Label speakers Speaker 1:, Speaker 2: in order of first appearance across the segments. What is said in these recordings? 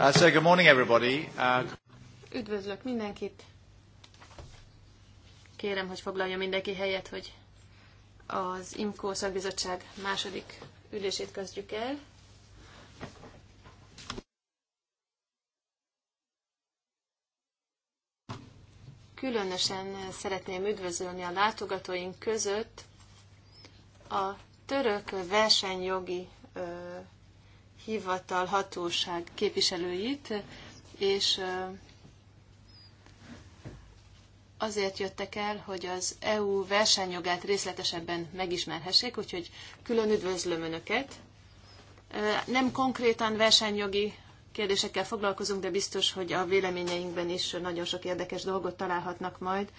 Speaker 1: Uh, so good morning everybody. Uh...
Speaker 2: Üdvözlök mindenkit. Kérem, hogy foglalja mindenki helyet, hogy az IMCO szakbizottság második ülését kezdjük el. Különösen szeretném üdvözölni a látogatóink között a török versenyjogi hivatal, hatóság képviselőit, és azért jöttek el, hogy az EU versenyjogát részletesebben megismerhessék, úgyhogy külön üdvözlöm Önöket. Nem konkrétan versenyjogi kérdésekkel foglalkozunk, de biztos, hogy a véleményeinkben is nagyon sok érdekes dolgot találhatnak majd.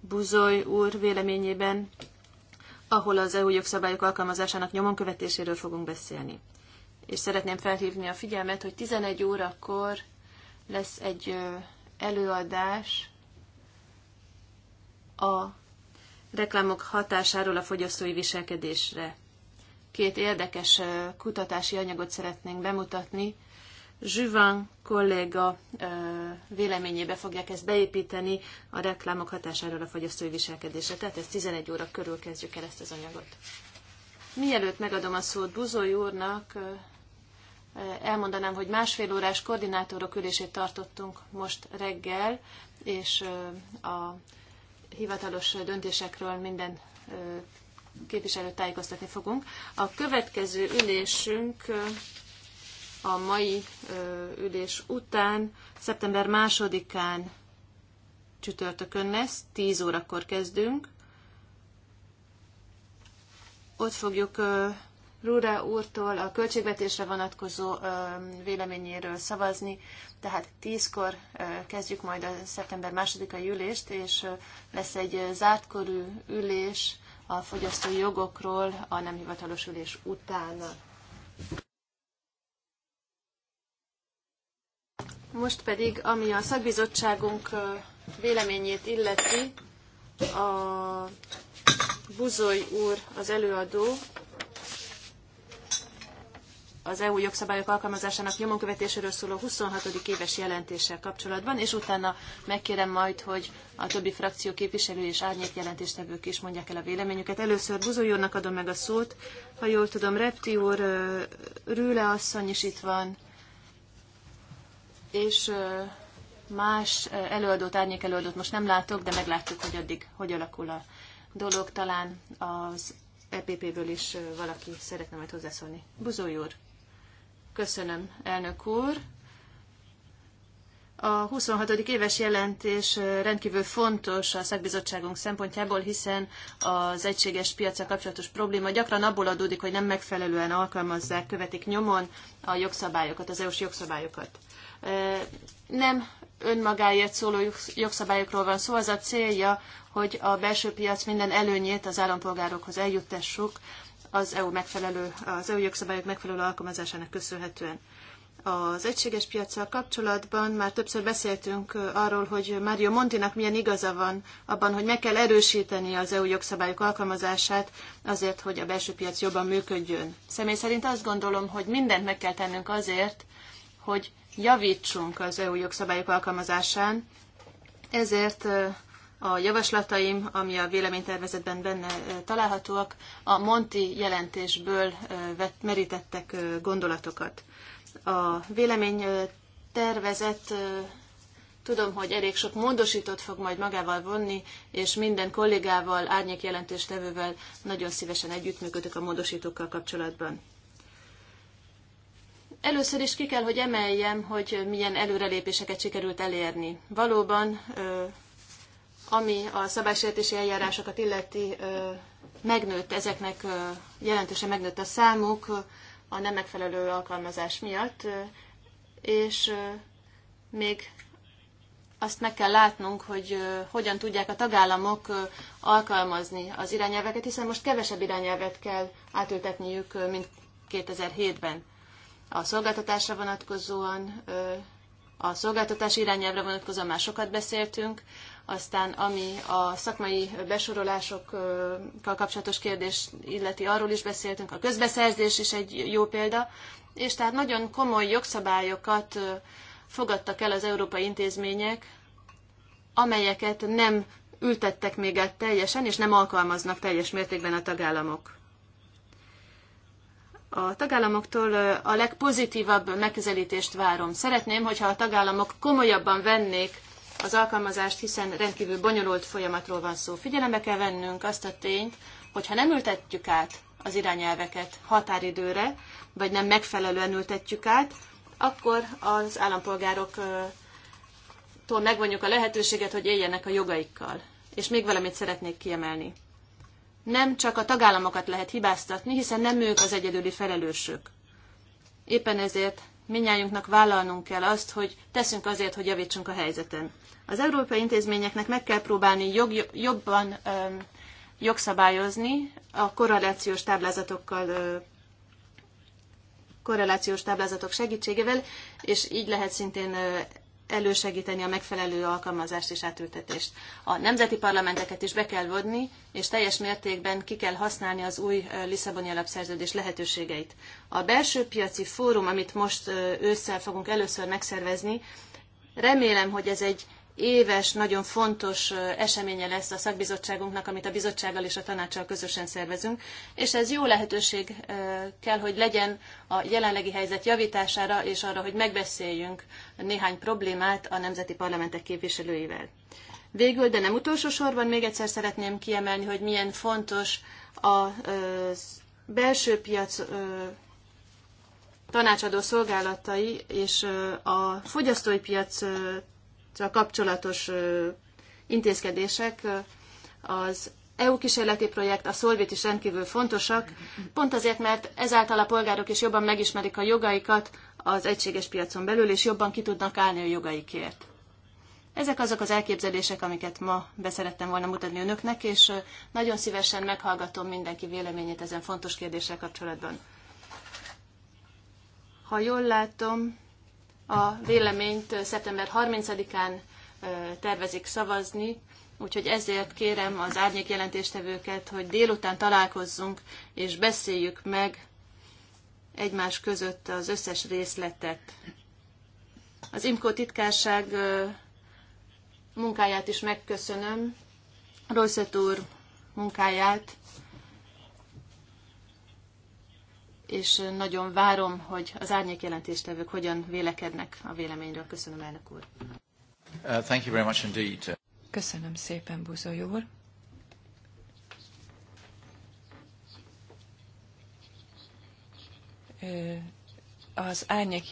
Speaker 2: Buzoly úr véleményében, ahol az EU jogszabályok alkalmazásának nyomon követéséről fogunk beszélni és szeretném felhívni a figyelmet, hogy 11 órakor lesz egy előadás a reklámok hatásáról a fogyasztói viselkedésre. Két érdekes kutatási anyagot szeretnénk bemutatni. Zsüvan kolléga véleményébe fogják ezt beépíteni a reklámok hatásáról a fogyasztói viselkedésre. Tehát ezt 11 óra körül kezdjük el ezt az anyagot. Mielőtt megadom a szót Buzoly úrnak, elmondanám, hogy másfél órás koordinátorok ülését tartottunk most reggel, és a hivatalos döntésekről minden képviselőt tájékoztatni fogunk. A következő ülésünk a mai ülés után, szeptember másodikán csütörtökön lesz, 10 órakor kezdünk. Ott fogjuk Rúra úrtól a költségvetésre vonatkozó véleményéről szavazni, tehát tízkor kezdjük majd a szeptember másodikai ülést, és lesz egy zártkorű ülés a fogyasztói jogokról a nem hivatalos ülés után. Most pedig, ami a szakbizottságunk véleményét illeti, a Buzoly úr az előadó, az EU jogszabályok alkalmazásának nyomon követéséről szóló 26. éves jelentéssel kapcsolatban, és utána megkérem majd, hogy a többi frakció képviselő és árnyék jelentéstevők is mondják el a véleményüket. Először Buzoly úrnak adom meg a szót, ha jól tudom, Repti úr, Rüle asszony is itt van, és más előadót, árnyék előadót most nem látok, de meglátjuk, hogy addig hogy alakul a dolog. Talán az EPP-ből is valaki szeretne majd hozzászólni. Buzoly úr! Köszönöm, elnök úr. A 26. éves jelentés rendkívül fontos a szakbizottságunk szempontjából, hiszen az egységes piacra kapcsolatos probléma gyakran abból adódik, hogy nem megfelelően alkalmazzák, követik nyomon a jogszabályokat, az EU-s jogszabályokat. Nem önmagáért szóló jogszabályokról van szó, az a célja, hogy a belső piac minden előnyét az állampolgárokhoz eljuttassuk, az EU megfelelő, az EU jogszabályok megfelelő alkalmazásának köszönhetően. Az egységes piacsal kapcsolatban már többször beszéltünk arról, hogy Mario Montinak milyen igaza van abban, hogy meg kell erősíteni az EU jogszabályok alkalmazását azért, hogy a belső piac jobban működjön. Személy szerint azt gondolom, hogy mindent meg kell tennünk azért, hogy javítsunk az EU jogszabályok alkalmazásán, ezért a javaslataim, ami a véleménytervezetben benne találhatóak, a Monti jelentésből vett, merítettek gondolatokat. A véleménytervezet tudom, hogy elég sok módosítót fog majd magával vonni, és minden kollégával, árnyék jelentéstevővel nagyon szívesen együttműködök a módosítókkal kapcsolatban. Először is ki kell, hogy emeljem, hogy milyen előrelépéseket sikerült elérni. Valóban ami a szabálysértési eljárásokat illeti, megnőtt ezeknek, jelentősen megnőtt a számuk a nem megfelelő alkalmazás miatt, és még azt meg kell látnunk, hogy hogyan tudják a tagállamok alkalmazni az irányelveket, hiszen most kevesebb irányelvet kell átültetniük, mint 2007-ben. A szolgáltatásra vonatkozóan, a szolgáltatás irányelvre vonatkozóan már sokat beszéltünk, aztán ami a szakmai besorolásokkal kapcsolatos kérdés illeti, arról is beszéltünk, a közbeszerzés is egy jó példa, és tehát nagyon komoly jogszabályokat fogadtak el az európai intézmények, amelyeket nem ültettek még el teljesen, és nem alkalmaznak teljes mértékben a tagállamok. A tagállamoktól a legpozitívabb megközelítést várom. Szeretném, hogyha a tagállamok komolyabban vennék az alkalmazást, hiszen rendkívül bonyolult folyamatról van szó. Figyelembe kell vennünk azt a tényt, hogy ha nem ültetjük át az irányelveket határidőre, vagy nem megfelelően ültetjük át, akkor az állampolgároktól megvonjuk a lehetőséget, hogy éljenek a jogaikkal. És még valamit szeretnék kiemelni. Nem csak a tagállamokat lehet hibáztatni, hiszen nem ők az egyedüli felelősök. Éppen ezért minnyájunknak vállalnunk kell azt, hogy teszünk azért, hogy javítsunk a helyzeten. Az európai intézményeknek meg kell próbálni jog, jobban ö, jogszabályozni a korrelációs táblázatokkal ö, korrelációs táblázatok segítségével, és így lehet szintén elősegíteni a megfelelő alkalmazást és átültetést. A nemzeti parlamenteket is be kell vonni, és teljes mértékben ki kell használni az új Lisszaboni alapszerződés lehetőségeit. A belső piaci fórum, amit most ősszel fogunk először megszervezni, remélem, hogy ez egy éves, nagyon fontos eseménye lesz a szakbizottságunknak, amit a bizottsággal és a tanácssal közösen szervezünk, és ez jó lehetőség kell, hogy legyen a jelenlegi helyzet javítására, és arra, hogy megbeszéljünk néhány problémát a nemzeti parlamentek képviselőivel. Végül, de nem utolsó sorban még egyszer szeretném kiemelni, hogy milyen fontos a belső piac tanácsadó szolgálatai és a fogyasztói piac Szóval kapcsolatos intézkedések az EU kísérleti projekt, a Szolvét is rendkívül fontosak, pont azért, mert ezáltal a polgárok is jobban megismerik a jogaikat az egységes piacon belül, és jobban ki tudnak állni a jogaikért. Ezek azok az elképzelések, amiket ma beszerettem volna mutatni önöknek, és nagyon szívesen meghallgatom mindenki véleményét ezen fontos kérdéssel kapcsolatban. Ha jól látom, a véleményt szeptember 30-án tervezik szavazni, úgyhogy ezért kérem az árnyék jelentéstevőket, hogy délután találkozzunk és beszéljük meg egymás között az összes részletet. Az IMKO titkárság munkáját is megköszönöm, Rosszett úr munkáját, és nagyon várom, hogy az árnyék jelentéstevők hogyan vélekednek a véleményről. Köszönöm, elnök úr.
Speaker 3: Uh, thank you very much indeed.
Speaker 1: Köszönöm szépen, Buzoly úr. Az árnyék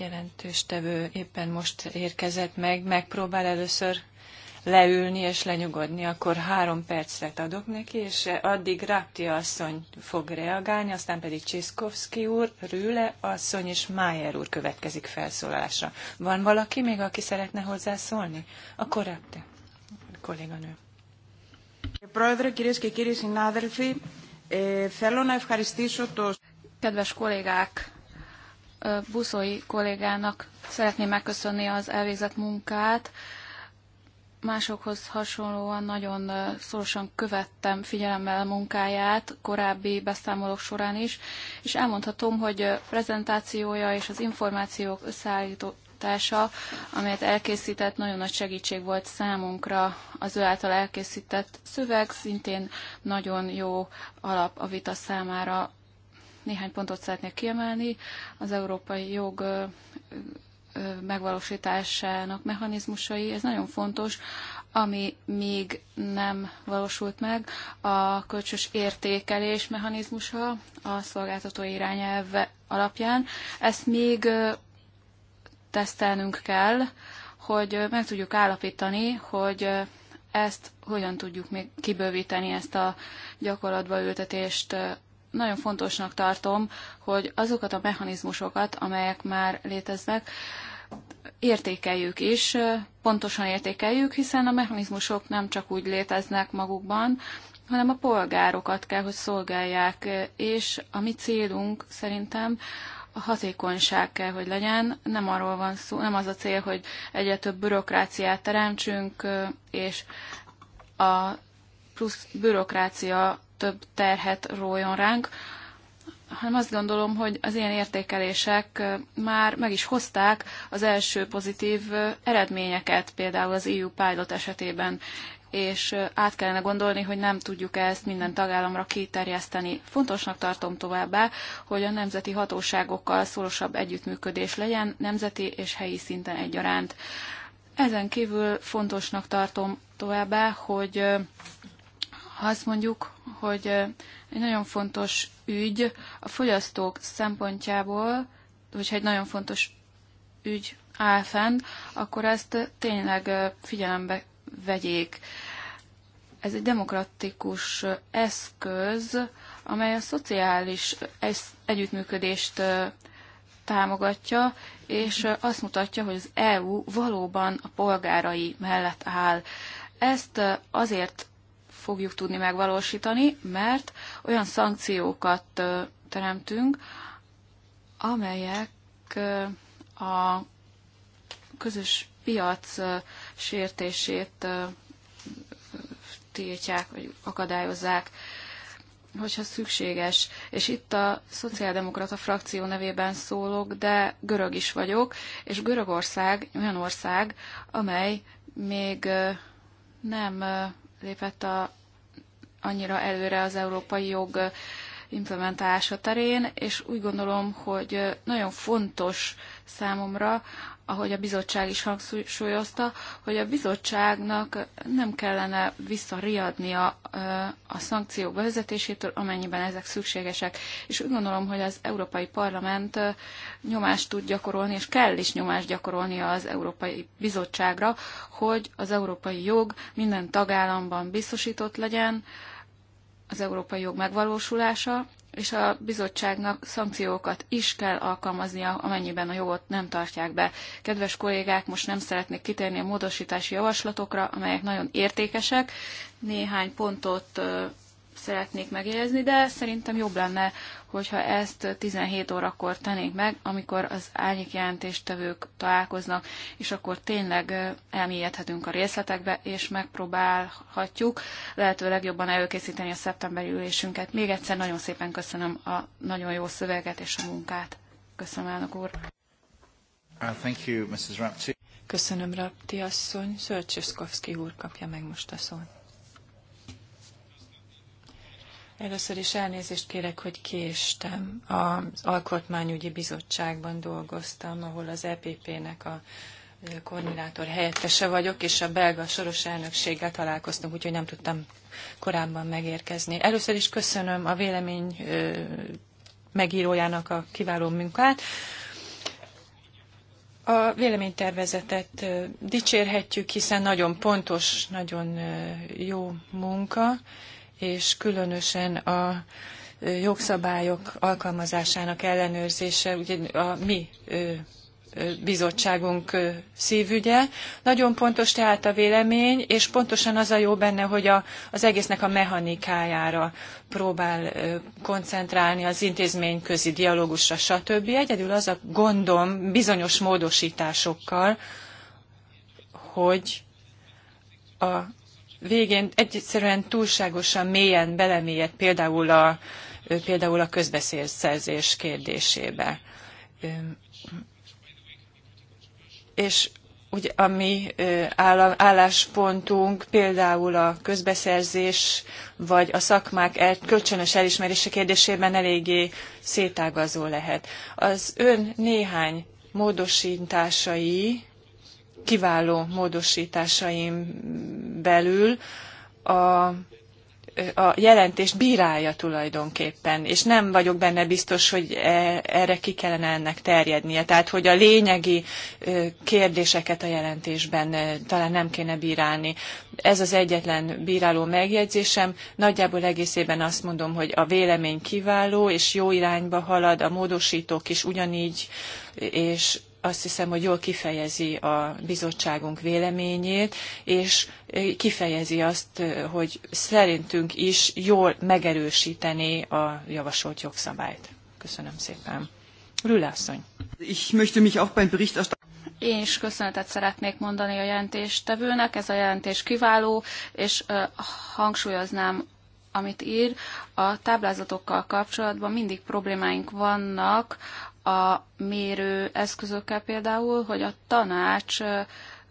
Speaker 1: tevő éppen most érkezett meg, megpróbál először leülni és lenyugodni, akkor három percet adok neki, és addig Rápti asszony fog reagálni, aztán pedig Csiszkovszki úr, Rüle asszony és Májer úr következik felszólalásra. Van valaki még, aki szeretne hozzászólni? Akkor Rápti, kolléganő. Kedves kollégák,
Speaker 3: Buszói kollégának szeretném megköszönni az elvégzett munkát, másokhoz hasonlóan nagyon szorosan követtem figyelemmel munkáját korábbi beszámolók során is, és elmondhatom, hogy prezentációja és az információk összeállítása, amelyet elkészített, nagyon nagy segítség volt számunkra. Az ő által elkészített szöveg szintén nagyon jó alap a vita számára. Néhány pontot szeretnék kiemelni. Az európai jog megvalósításának mechanizmusai, ez nagyon fontos, ami még nem valósult meg, a kölcsös értékelés mechanizmusa a szolgáltató irányelv alapján. Ezt még tesztelnünk kell, hogy meg tudjuk állapítani, hogy ezt hogyan tudjuk még kibővíteni, ezt a gyakorlatba ültetést nagyon fontosnak tartom, hogy azokat a mechanizmusokat, amelyek már léteznek, értékeljük is, pontosan értékeljük, hiszen a mechanizmusok nem csak úgy léteznek magukban, hanem a polgárokat kell, hogy szolgálják, és a mi célunk szerintem a hatékonyság kell, hogy legyen. Nem arról van szó, nem az a cél, hogy egyre több bürokráciát teremtsünk, és a plusz bürokrácia több terhet rójon ránk, hanem azt gondolom, hogy az ilyen értékelések már meg is hozták az első pozitív eredményeket, például az EU Pilot esetében, és át kellene gondolni, hogy nem tudjuk ezt minden tagállamra kiterjeszteni. Fontosnak tartom továbbá, hogy a nemzeti hatóságokkal szorosabb együttműködés legyen nemzeti és helyi szinten egyaránt. Ezen kívül fontosnak tartom továbbá, hogy ha azt mondjuk, hogy egy nagyon fontos ügy a fogyasztók szempontjából, vagy egy nagyon fontos ügy áll fenn, akkor ezt tényleg figyelembe vegyék. Ez egy demokratikus eszköz, amely a szociális együttműködést támogatja, és azt mutatja, hogy az EU valóban a polgárai mellett áll. Ezt azért fogjuk tudni megvalósítani, mert olyan szankciókat teremtünk, amelyek a közös piac sértését tiltják, vagy akadályozzák, hogyha szükséges. És itt a szociáldemokrata frakció nevében szólok, de görög is vagyok, és Görögország olyan ország, amely még nem lépett a, annyira előre az európai jog implementálása terén, és úgy gondolom, hogy nagyon fontos számomra, ahogy a bizottság is hangsúlyozta, hogy a bizottságnak nem kellene visszariadnia a szankciók bevezetésétől, amennyiben ezek szükségesek. És úgy gondolom, hogy az Európai Parlament nyomást tud gyakorolni, és kell is nyomást gyakorolnia az Európai Bizottságra, hogy az európai jog minden tagállamban biztosított legyen, az európai jog megvalósulása, és a bizottságnak szankciókat is kell alkalmaznia, amennyiben a jogot nem tartják be. Kedves kollégák, most nem szeretnék kitérni a módosítási javaslatokra, amelyek nagyon értékesek. Néhány pontot szeretnék megjegyezni, de szerintem jobb lenne, hogyha ezt 17 órakor tennék meg, amikor az árnyék jelentéstevők találkoznak, és akkor tényleg elmélyedhetünk a részletekbe, és megpróbálhatjuk lehetőleg jobban előkészíteni a szeptemberi ülésünket. Még egyszer nagyon szépen köszönöm a nagyon jó szöveget és a munkát. Köszönöm, elnök úr. Uh, thank you, Mrs.
Speaker 1: Köszönöm, Rapti asszony. Szörcsöszkowski úr kapja meg most a szót. Először is elnézést kérek, hogy késtem. Az Alkotmányügyi Bizottságban dolgoztam, ahol az EPP-nek a koordinátor helyettese vagyok, és a belga soros elnökséggel találkoztunk, úgyhogy nem tudtam korábban megérkezni. Először is köszönöm a vélemény megírójának a kiváló munkát. A véleménytervezetet dicsérhetjük, hiszen nagyon pontos, nagyon jó munka, és különösen a jogszabályok alkalmazásának ellenőrzése ugye a mi bizottságunk szívügye. Nagyon pontos tehát a vélemény, és pontosan az a jó benne, hogy a, az egésznek a mechanikájára próbál koncentrálni az intézményközi dialógusra, stb. Egyedül az a gondom bizonyos módosításokkal, hogy a végén egyszerűen túlságosan mélyen belemélyed például a, például a közbeszélszerzés kérdésébe. És úgy a mi álláspontunk például a közbeszerzés vagy a szakmák el, kölcsönös elismerése kérdésében eléggé szétágazó lehet. Az ön néhány módosításai kiváló módosításaim belül a a jelentés bírálja tulajdonképpen, és nem vagyok benne biztos, hogy e, erre ki kellene ennek terjednie. Tehát, hogy a lényegi kérdéseket a jelentésben talán nem kéne bírálni. Ez az egyetlen bíráló megjegyzésem. Nagyjából egészében azt mondom, hogy a vélemény kiváló, és jó irányba halad, a módosítók is ugyanígy, és azt hiszem, hogy jól kifejezi a bizottságunk véleményét, és kifejezi azt, hogy szerintünk is jól megerősíteni a javasolt jogszabályt. Köszönöm szépen. Rülászony. Ich möchte mich auch beim Berichterstatter
Speaker 3: én is köszönetet szeretnék mondani a jelentéstevőnek, ez a jelentés kiváló, és hangsúlyoznám, amit ír. A táblázatokkal kapcsolatban mindig problémáink vannak a mérő eszközökkel például, hogy a tanács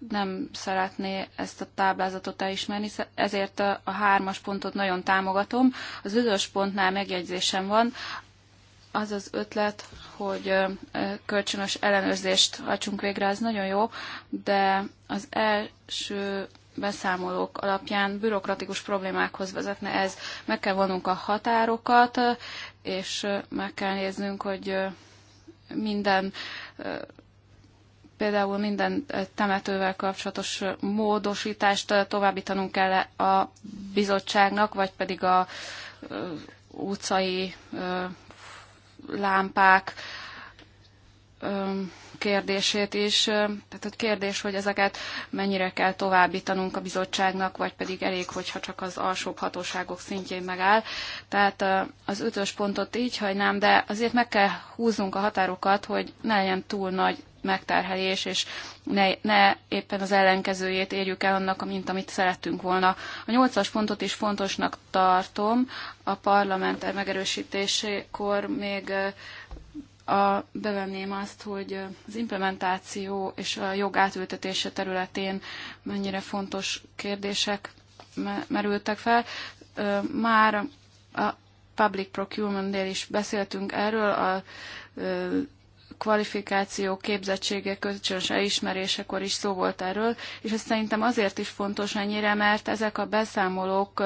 Speaker 3: nem szeretné ezt a táblázatot elismerni, ezért a hármas pontot nagyon támogatom. Az ötös pontnál megjegyzésem van, az az ötlet, hogy kölcsönös ellenőrzést hagyjunk végre, az nagyon jó, de az első beszámolók alapján bürokratikus problémákhoz vezetne ez. Meg kell vonnunk a határokat, és meg kell néznünk, hogy minden például minden temetővel kapcsolatos módosítást továbbítanunk kell a bizottságnak, vagy pedig a utcai lámpák kérdését is. Tehát a kérdés, hogy ezeket mennyire kell továbbítanunk a bizottságnak, vagy pedig elég, hogyha csak az alsóbb hatóságok szintjén megáll. Tehát az ötös pontot így hagynám, de azért meg kell húznunk a határokat, hogy ne legyen túl nagy megterhelés, és ne, ne éppen az ellenkezőjét érjük el annak, mint amit szerettünk volna. A nyolcas pontot is fontosnak tartom. A parlament megerősítésékor még a, bevenném azt, hogy az implementáció és a jog átültetése területén mennyire fontos kérdések merültek fel. Már a public procurement-nél is beszéltünk erről, a kvalifikáció, képzettsége, kölcsönös elismerésekor is szó volt erről, és ez szerintem azért is fontos ennyire, mert ezek a beszámolók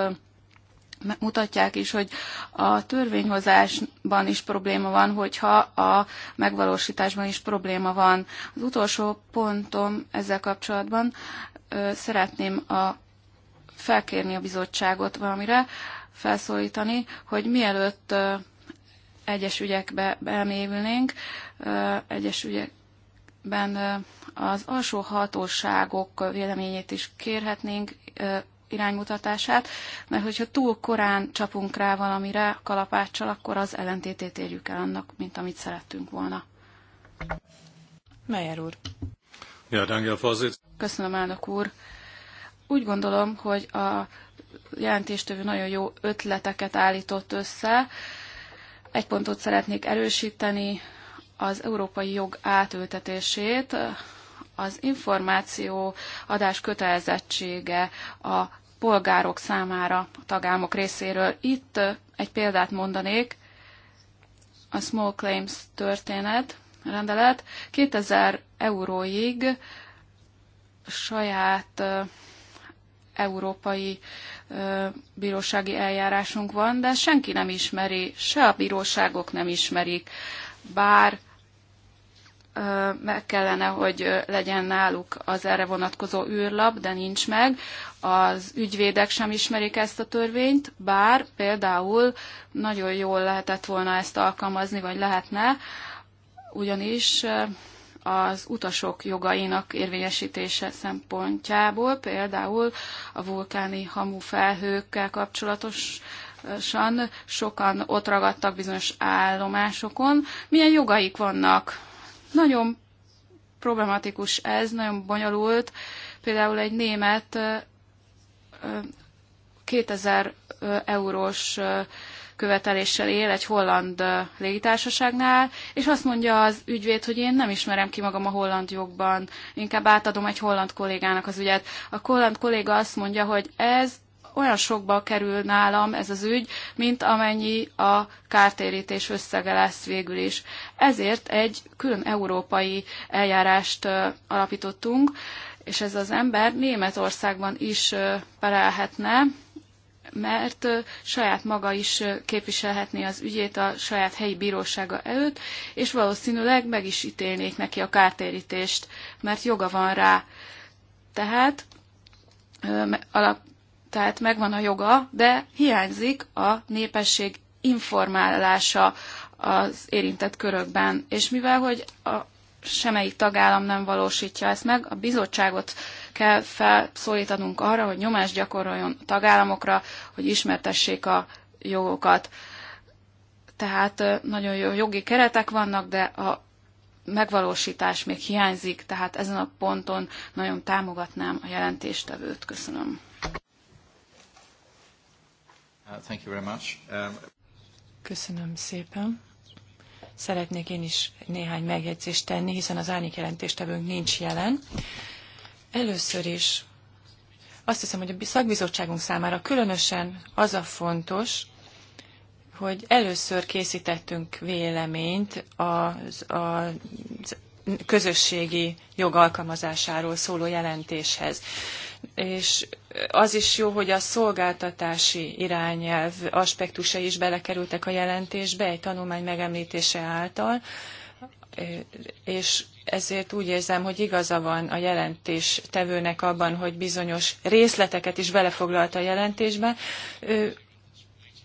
Speaker 3: mutatják is, hogy a törvényhozásban is probléma van, hogyha a megvalósításban is probléma van. Az utolsó pontom ezzel kapcsolatban szeretném a felkérni a bizottságot valamire, felszólítani, hogy mielőtt egyes ügyekbe bemélyülnénk, egyes ügyekben az alsó hatóságok véleményét is kérhetnénk, iránymutatását, mert hogyha túl korán csapunk rá valamire kalapáccsal, akkor az ellentétét érjük el annak, mint amit szerettünk volna. Meyer úr.
Speaker 1: Ja, Fazit.
Speaker 3: Köszönöm, elnök úr. Úgy gondolom, hogy a jelentéstövő nagyon jó ötleteket állított össze. Egy pontot szeretnék erősíteni, az európai jog átültetését, az információ adás kötelezettsége a polgárok számára a tagállamok részéről. Itt egy példát mondanék, a Small Claims történet, rendelet 2000 euróig saját európai bírósági eljárásunk van, de senki nem ismeri, se a bíróságok nem ismerik, bár meg kellene, hogy legyen náluk az erre vonatkozó űrlap, de nincs meg az ügyvédek sem ismerik ezt a törvényt, bár például nagyon jól lehetett volna ezt alkalmazni, vagy lehetne, ugyanis eh, az utasok jogainak érvényesítése szempontjából, például a vulkáni hamu felhőkkel kapcsolatosan sokan ott ragadtak bizonyos állomásokon. Milyen jogaik vannak? Nagyon problematikus ez, nagyon bonyolult. Például egy német eh, 2000 eurós követeléssel él egy holland légitársaságnál, és azt mondja az ügyvéd, hogy én nem ismerem ki magam a holland jogban, inkább átadom egy holland kollégának az ügyet. A holland kolléga azt mondja, hogy ez olyan sokba kerül nálam ez az ügy, mint amennyi a kártérítés összege lesz végül is. Ezért egy külön európai eljárást alapítottunk, és ez az ember Németországban is perelhetne, mert saját maga is képviselhetné az ügyét a saját helyi bírósága előtt, és valószínűleg meg is ítélnék neki a kártérítést, mert joga van rá. Tehát, alap, tehát megvan a joga, de hiányzik a népesség informálása az érintett körökben. És mivel, hogy a semmelyik tagállam nem valósítja ezt meg. A bizottságot kell felszólítanunk arra, hogy nyomást gyakoroljon a tagállamokra, hogy ismertessék a jogokat. Tehát nagyon jó jogi keretek vannak, de a megvalósítás még hiányzik, tehát ezen a ponton nagyon támogatnám a jelentéstevőt. Köszönöm. Uh, um,
Speaker 1: Köszönöm szépen. Szeretnék én is néhány megjegyzést tenni, hiszen az árnyék jelentéstevőnk nincs jelen. Először is azt hiszem, hogy a szakbizottságunk számára különösen az a fontos, hogy először készítettünk véleményt az, a közösségi jog alkalmazásáról szóló jelentéshez és az is jó, hogy a szolgáltatási irányelv aspektusai is belekerültek a jelentésbe egy tanulmány megemlítése által, és ezért úgy érzem, hogy igaza van a jelentés tevőnek abban, hogy bizonyos részleteket is belefoglalta a jelentésbe.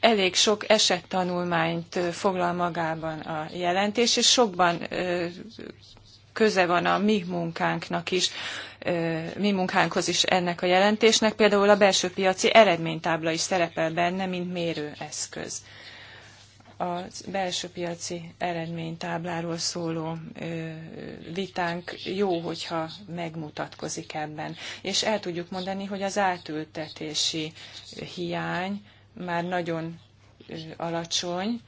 Speaker 1: Elég sok esettanulmányt foglal magában a jelentés, és sokban köze van a mi munkánknak is, mi munkánkhoz is ennek a jelentésnek. Például a belső piaci eredménytábla is szerepel benne, mint mérőeszköz. A belső piaci eredménytábláról szóló vitánk jó, hogyha megmutatkozik ebben. És el tudjuk mondani, hogy az átültetési hiány már nagyon alacsony,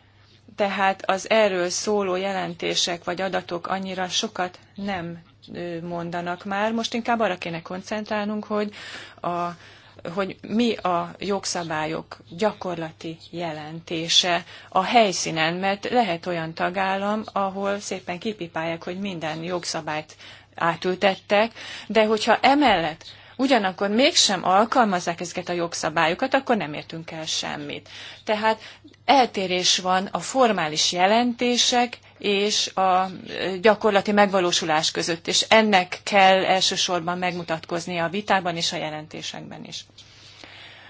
Speaker 1: tehát az erről szóló jelentések vagy adatok annyira sokat nem mondanak már. Most inkább arra kéne koncentrálnunk, hogy, a, hogy mi a jogszabályok gyakorlati jelentése a helyszínen, mert lehet olyan tagállam, ahol szépen kipipálják, hogy minden jogszabályt átültettek, de hogyha emellett ugyanakkor mégsem alkalmazzák ezeket a jogszabályokat, akkor nem értünk el semmit. Tehát eltérés van a formális jelentések és a gyakorlati megvalósulás között, és ennek kell elsősorban megmutatkozni a vitában és a jelentésekben is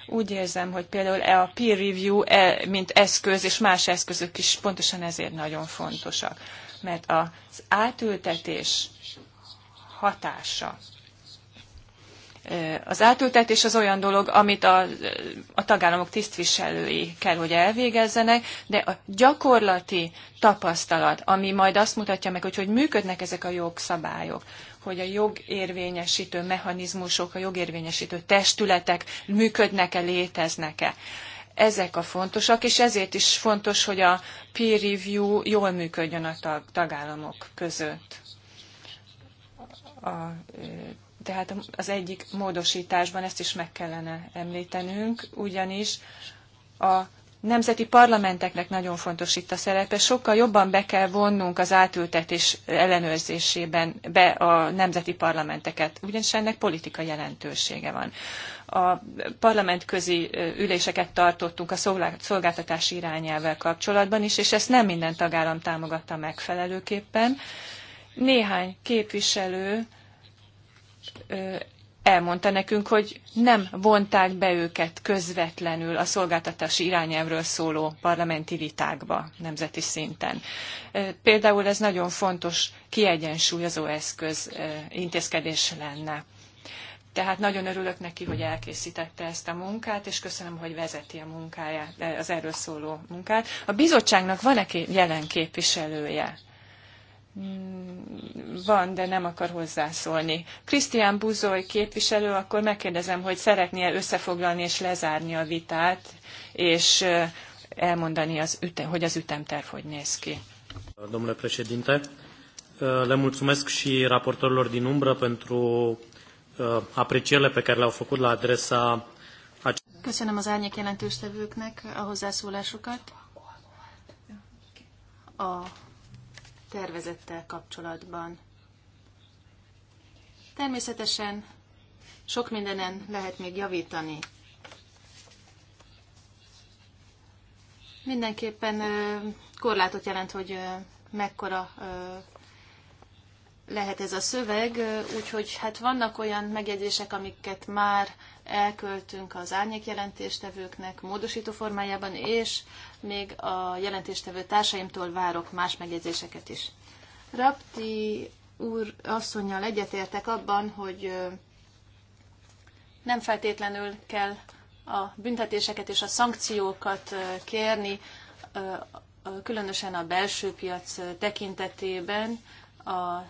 Speaker 1: úgy érzem, hogy például e a peer review, e, mint eszköz, és más eszközök is pontosan ezért nagyon fontosak. Mert az átültetés hatása az átültetés az olyan dolog, amit a, a tagállamok tisztviselői kell, hogy elvégezzenek, de a gyakorlati tapasztalat, ami majd azt mutatja meg, hogy hogy működnek ezek a jogszabályok, hogy a jogérvényesítő mechanizmusok, a jogérvényesítő testületek működnek-e, léteznek-e. Ezek a fontosak, és ezért is fontos, hogy a peer review jól működjön a tagállamok között. A tehát az egyik módosításban ezt is meg kellene említenünk, ugyanis a nemzeti parlamenteknek nagyon fontos itt a szerepe, sokkal jobban be kell vonnunk az átültetés ellenőrzésében be a nemzeti parlamenteket, ugyanis ennek politika jelentősége van. A parlamentközi üléseket tartottunk a szolgáltatási irányelvvel kapcsolatban is, és ezt nem minden tagállam támogatta megfelelőképpen. Néhány képviselő elmondta nekünk, hogy nem vonták be őket közvetlenül a szolgáltatási irányelvről szóló parlamenti vitákba nemzeti szinten. Például ez nagyon fontos kiegyensúlyozó eszköz intézkedés lenne. Tehát nagyon örülök neki, hogy elkészítette ezt a munkát, és köszönöm, hogy vezeti a munkáját, az erről szóló munkát. A bizottságnak van-e jelen képviselője? Mm, van, de nem akar hozzászólni. Krisztián Buzoly képviselő, akkor megkérdezem, hogy szeretné összefoglalni és lezárni a vitát, és elmondani, az üte, hogy az ütemterv hogy néz ki.
Speaker 3: Domnule președinte, le mulțumesc și raportorilor din umbră pentru aprecierile pe care le-au făcut la adresa
Speaker 2: Köszönöm az árnyék jelentőstevőknek a hozzászólásukat. A tervezettel kapcsolatban. Természetesen sok mindenen lehet még javítani. Mindenképpen korlátot jelent, hogy mekkora lehet ez a szöveg, úgyhogy hát vannak olyan megjegyzések, amiket már elköltünk az árnyék jelentéstevőknek módosító formájában, és még a jelentéstevő társaimtól várok más megjegyzéseket is. Rapti úr asszonynal egyetértek abban, hogy nem feltétlenül kell a büntetéseket és a szankciókat kérni, különösen a belső piac tekintetében, a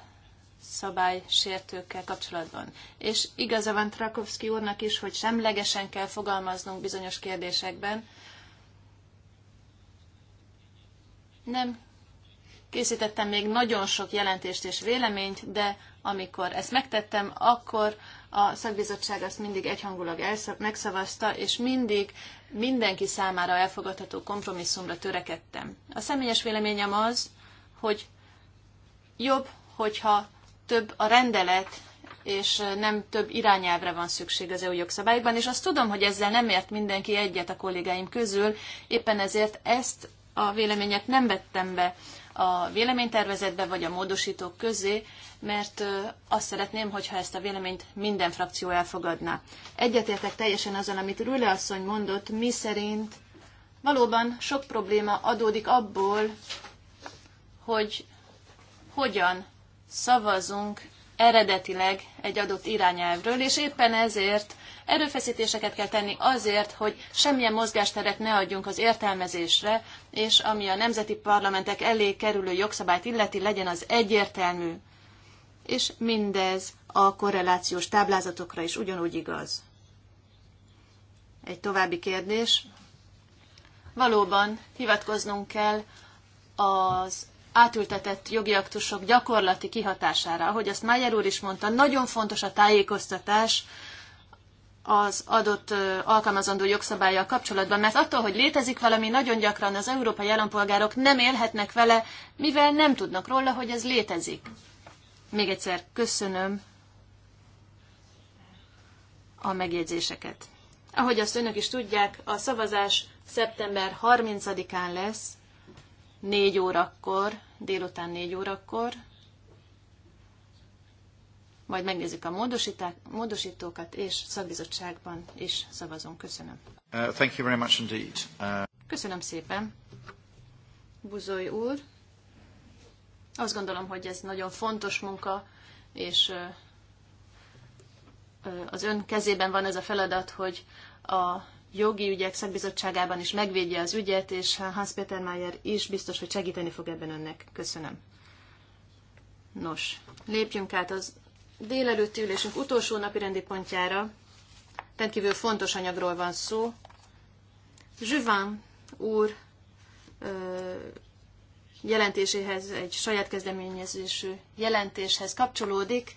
Speaker 2: szabálysértőkkel kapcsolatban. És igaza van Trakovszki úrnak is, hogy semlegesen kell fogalmaznunk bizonyos kérdésekben. Nem készítettem még nagyon sok jelentést és véleményt, de amikor ezt megtettem, akkor a szakbizottság azt mindig egyhangulag elszab, megszavazta, és mindig mindenki számára elfogadható kompromisszumra törekedtem. A személyes véleményem az, hogy jobb, hogyha több a rendelet, és nem több irányelvre van szükség az EU jogszabályokban, és azt tudom, hogy ezzel nem ért mindenki egyet a kollégáim közül, éppen ezért ezt a véleményet nem vettem be a véleménytervezetbe vagy a módosítók közé, mert azt szeretném, hogyha ezt a véleményt minden frakció elfogadná. Egyetértek teljesen azon, amit Rüle asszony mondott, mi szerint valóban sok probléma adódik abból, hogy hogyan szavazunk eredetileg egy adott irányelvről, és éppen ezért erőfeszítéseket kell tenni azért, hogy semmilyen mozgásteret ne adjunk az értelmezésre, és ami a nemzeti parlamentek elé kerülő jogszabályt illeti, legyen az egyértelmű. És mindez a korrelációs táblázatokra is ugyanúgy igaz. Egy további kérdés. Valóban hivatkoznunk kell az átültetett jogi aktusok gyakorlati kihatására. Ahogy azt Mayer úr is mondta, nagyon fontos a tájékoztatás az adott alkalmazandó jogszabályjal kapcsolatban, mert attól, hogy létezik valami, nagyon gyakran az európai állampolgárok nem élhetnek vele, mivel nem tudnak róla, hogy ez létezik. Még egyszer köszönöm a megjegyzéseket. Ahogy azt önök is tudják, a szavazás szeptember 30-án lesz, 4 órakor, délután 4 órakor, majd megnézzük a módosítókat, és szakbizottságban is szavazunk. Köszönöm.
Speaker 3: Uh, thank you very much indeed. Uh...
Speaker 2: Köszönöm szépen. Buzoly úr, azt gondolom, hogy ez nagyon fontos munka, és az ön kezében van ez a feladat, hogy a jogi ügyek szakbizottságában is megvédje az ügyet, és Hans Peter Mayer is biztos, hogy segíteni fog ebben önnek. Köszönöm. Nos, lépjünk át az délelőtti ülésünk utolsó napi rendi pontjára. Rendkívül fontos anyagról van szó. Zsüván úr jelentéséhez, egy saját kezdeményezésű jelentéshez kapcsolódik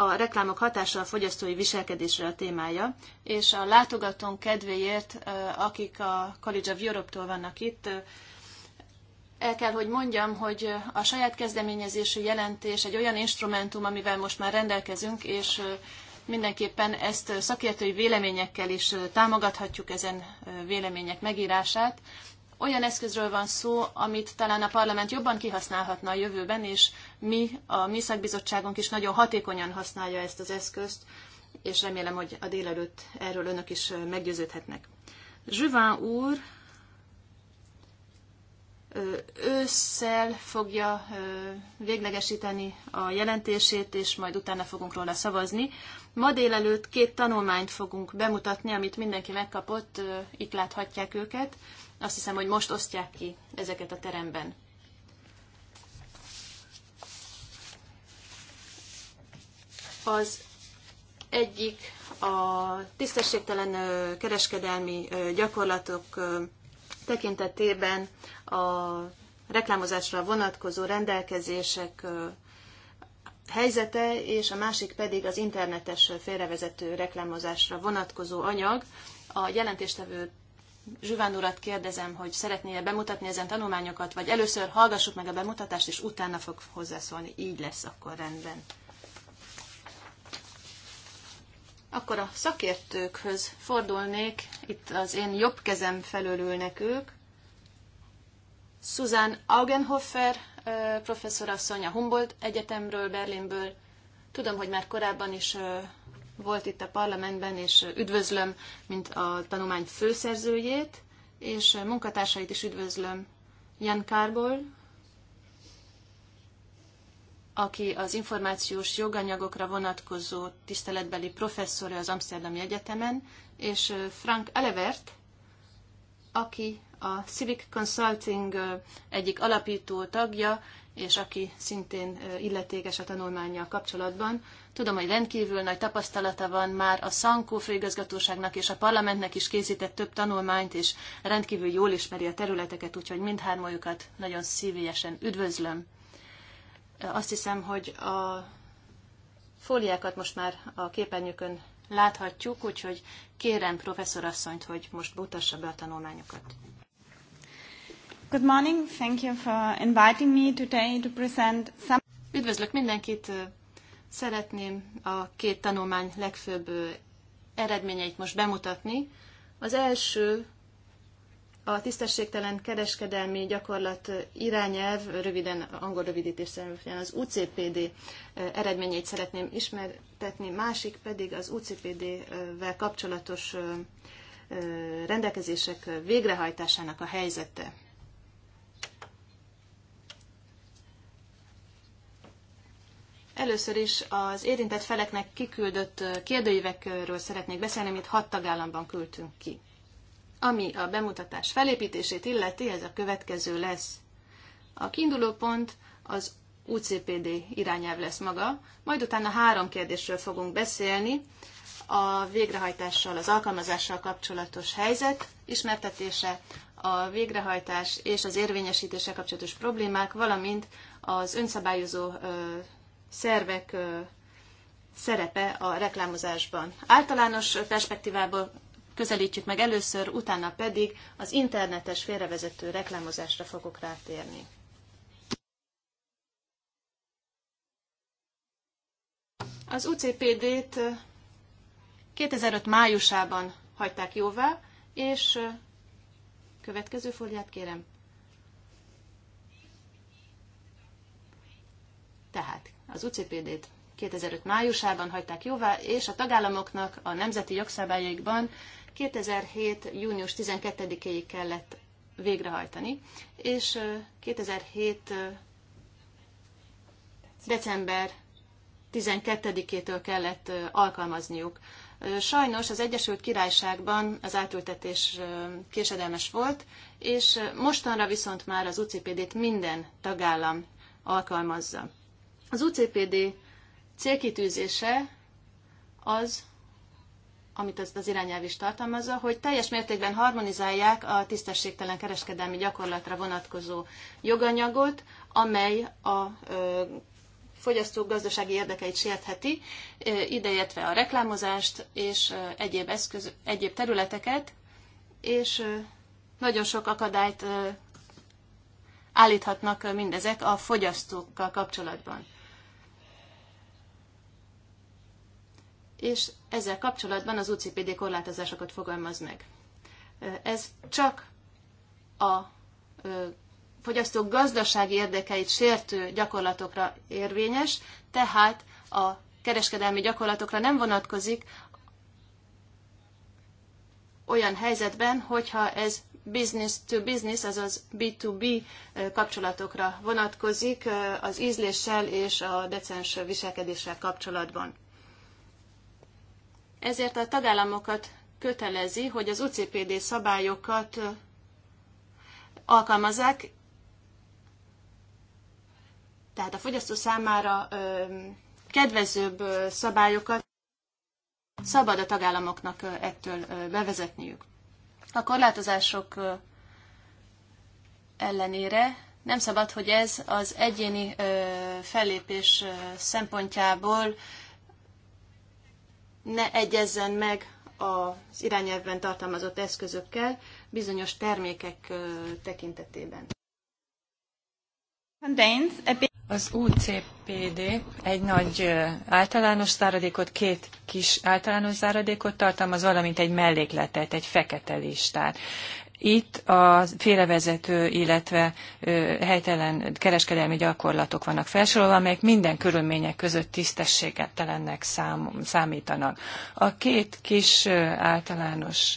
Speaker 2: a reklámok hatása a fogyasztói viselkedésre a témája, és a látogatón kedvéért, akik a College of Europe-tól vannak itt, el kell, hogy mondjam, hogy a saját kezdeményezésű jelentés egy olyan instrumentum, amivel most már rendelkezünk, és mindenképpen ezt szakértői véleményekkel is támogathatjuk ezen vélemények megírását, olyan eszközről van szó, amit talán a parlament jobban kihasználhatna a jövőben, és mi, a mi szakbizottságunk is nagyon hatékonyan használja ezt az eszközt, és remélem, hogy a délelőtt erről önök is meggyőződhetnek. Zsüván úr ősszel fogja véglegesíteni a jelentését, és majd utána fogunk róla szavazni. Ma délelőtt két tanulmányt fogunk bemutatni, amit mindenki megkapott, itt láthatják őket. Azt hiszem, hogy most osztják ki ezeket a teremben. Az egyik a tisztességtelen kereskedelmi gyakorlatok tekintetében a reklámozásra vonatkozó rendelkezések helyzete, és a másik pedig az internetes félrevezető reklámozásra vonatkozó anyag. A jelentéstevő Zsiván urat kérdezem, hogy szeretné-e bemutatni ezen tanulmányokat, vagy először hallgassuk meg a bemutatást, és utána fog hozzászólni. Így lesz akkor rendben. Akkor a szakértőkhöz fordulnék, itt az én jobb kezem felől ülnek ők. Susan Augenhofer professzorasszony a Humboldt Egyetemről, Berlinből. Tudom, hogy már korábban is volt itt a parlamentben, és üdvözlöm, mint a tanulmány főszerzőjét, és munkatársait is üdvözlöm, Jan Kárból, aki az információs joganyagokra vonatkozó tiszteletbeli professzor az Amsterdami Egyetemen, és Frank Elevert, aki a Civic Consulting egyik alapító tagja, és aki szintén illetékes a tanulmányjal kapcsolatban. Tudom, hogy rendkívül nagy tapasztalata van már a Szankó főigazgatóságnak és a parlamentnek is készített több tanulmányt, és rendkívül jól ismeri a területeket, úgyhogy mindhármójukat nagyon szívélyesen üdvözlöm. Azt hiszem, hogy a fóliákat most már a képernyőkön láthatjuk, úgyhogy kérem professzorasszonyt, hogy most mutassa be a tanulmányokat.
Speaker 3: Good morning. Thank you for inviting me today to present some... Üdvözlök
Speaker 2: mindenkit! Szeretném a két tanulmány legfőbb eredményeit most bemutatni. Az első a tisztességtelen kereskedelmi gyakorlat irányelv, röviden angol rövidítés szerint az UCPD eredményeit szeretném ismertetni, másik pedig az UCPD-vel kapcsolatos rendelkezések végrehajtásának a helyzete. Először is az érintett feleknek kiküldött kérdőívekről szeretnék beszélni, amit hat tagállamban küldtünk ki. Ami a bemutatás felépítését illeti, ez a következő lesz. A kiinduló pont az UCPD irányelv lesz maga, majd utána három kérdésről fogunk beszélni, a végrehajtással, az alkalmazással kapcsolatos helyzet ismertetése, a végrehajtás és az érvényesítése kapcsolatos problémák, valamint az önszabályozó szervek szerepe a reklámozásban. Általános perspektívából közelítjük meg először, utána pedig az internetes félrevezető reklámozásra fogok rátérni. Az UCPD-t 2005 májusában hagyták jóvá, és következő fóliát kérem. Tehát az UCPD-t 2005 májusában hagyták jóvá, és a tagállamoknak a nemzeti jogszabályaikban 2007. június 12-éig kellett végrehajtani, és 2007. december 12-től kellett alkalmazniuk. Sajnos az Egyesült Királyságban az átültetés késedelmes volt, és mostanra viszont már az UCPD-t minden tagállam alkalmazza. Az UCPD célkitűzése az, amit ezt az irányelv is tartalmazza, hogy teljes mértékben harmonizálják a tisztességtelen kereskedelmi gyakorlatra vonatkozó joganyagot, amely a fogyasztók gazdasági érdekeit sértheti, ideértve a reklámozást és egyéb, eszköz, egyéb területeket, és nagyon sok akadályt állíthatnak mindezek a fogyasztókkal kapcsolatban. és ezzel kapcsolatban az UCPD korlátozásokat fogalmaz meg. Ez csak a fogyasztók gazdasági érdekeit sértő gyakorlatokra érvényes, tehát a kereskedelmi gyakorlatokra nem vonatkozik olyan helyzetben, hogyha ez business to business, azaz B2B kapcsolatokra vonatkozik az ízléssel és a decens viselkedéssel kapcsolatban. Ezért a tagállamokat kötelezi, hogy az UCPD szabályokat alkalmazzák, tehát a fogyasztó számára kedvezőbb szabályokat szabad a tagállamoknak ettől bevezetniük. A korlátozások ellenére nem szabad, hogy ez az egyéni fellépés szempontjából ne egyezzen meg az irányelvben tartalmazott eszközökkel bizonyos termékek tekintetében.
Speaker 1: Az UCPD egy nagy általános záradékot, két kis általános záradékot tartalmaz, valamint egy mellékletet, egy fekete listát. Itt a félrevezető, illetve helytelen kereskedelmi gyakorlatok vannak felsorolva, amelyek minden körülmények között tisztességetelennek szám, számítanak. A két kis általános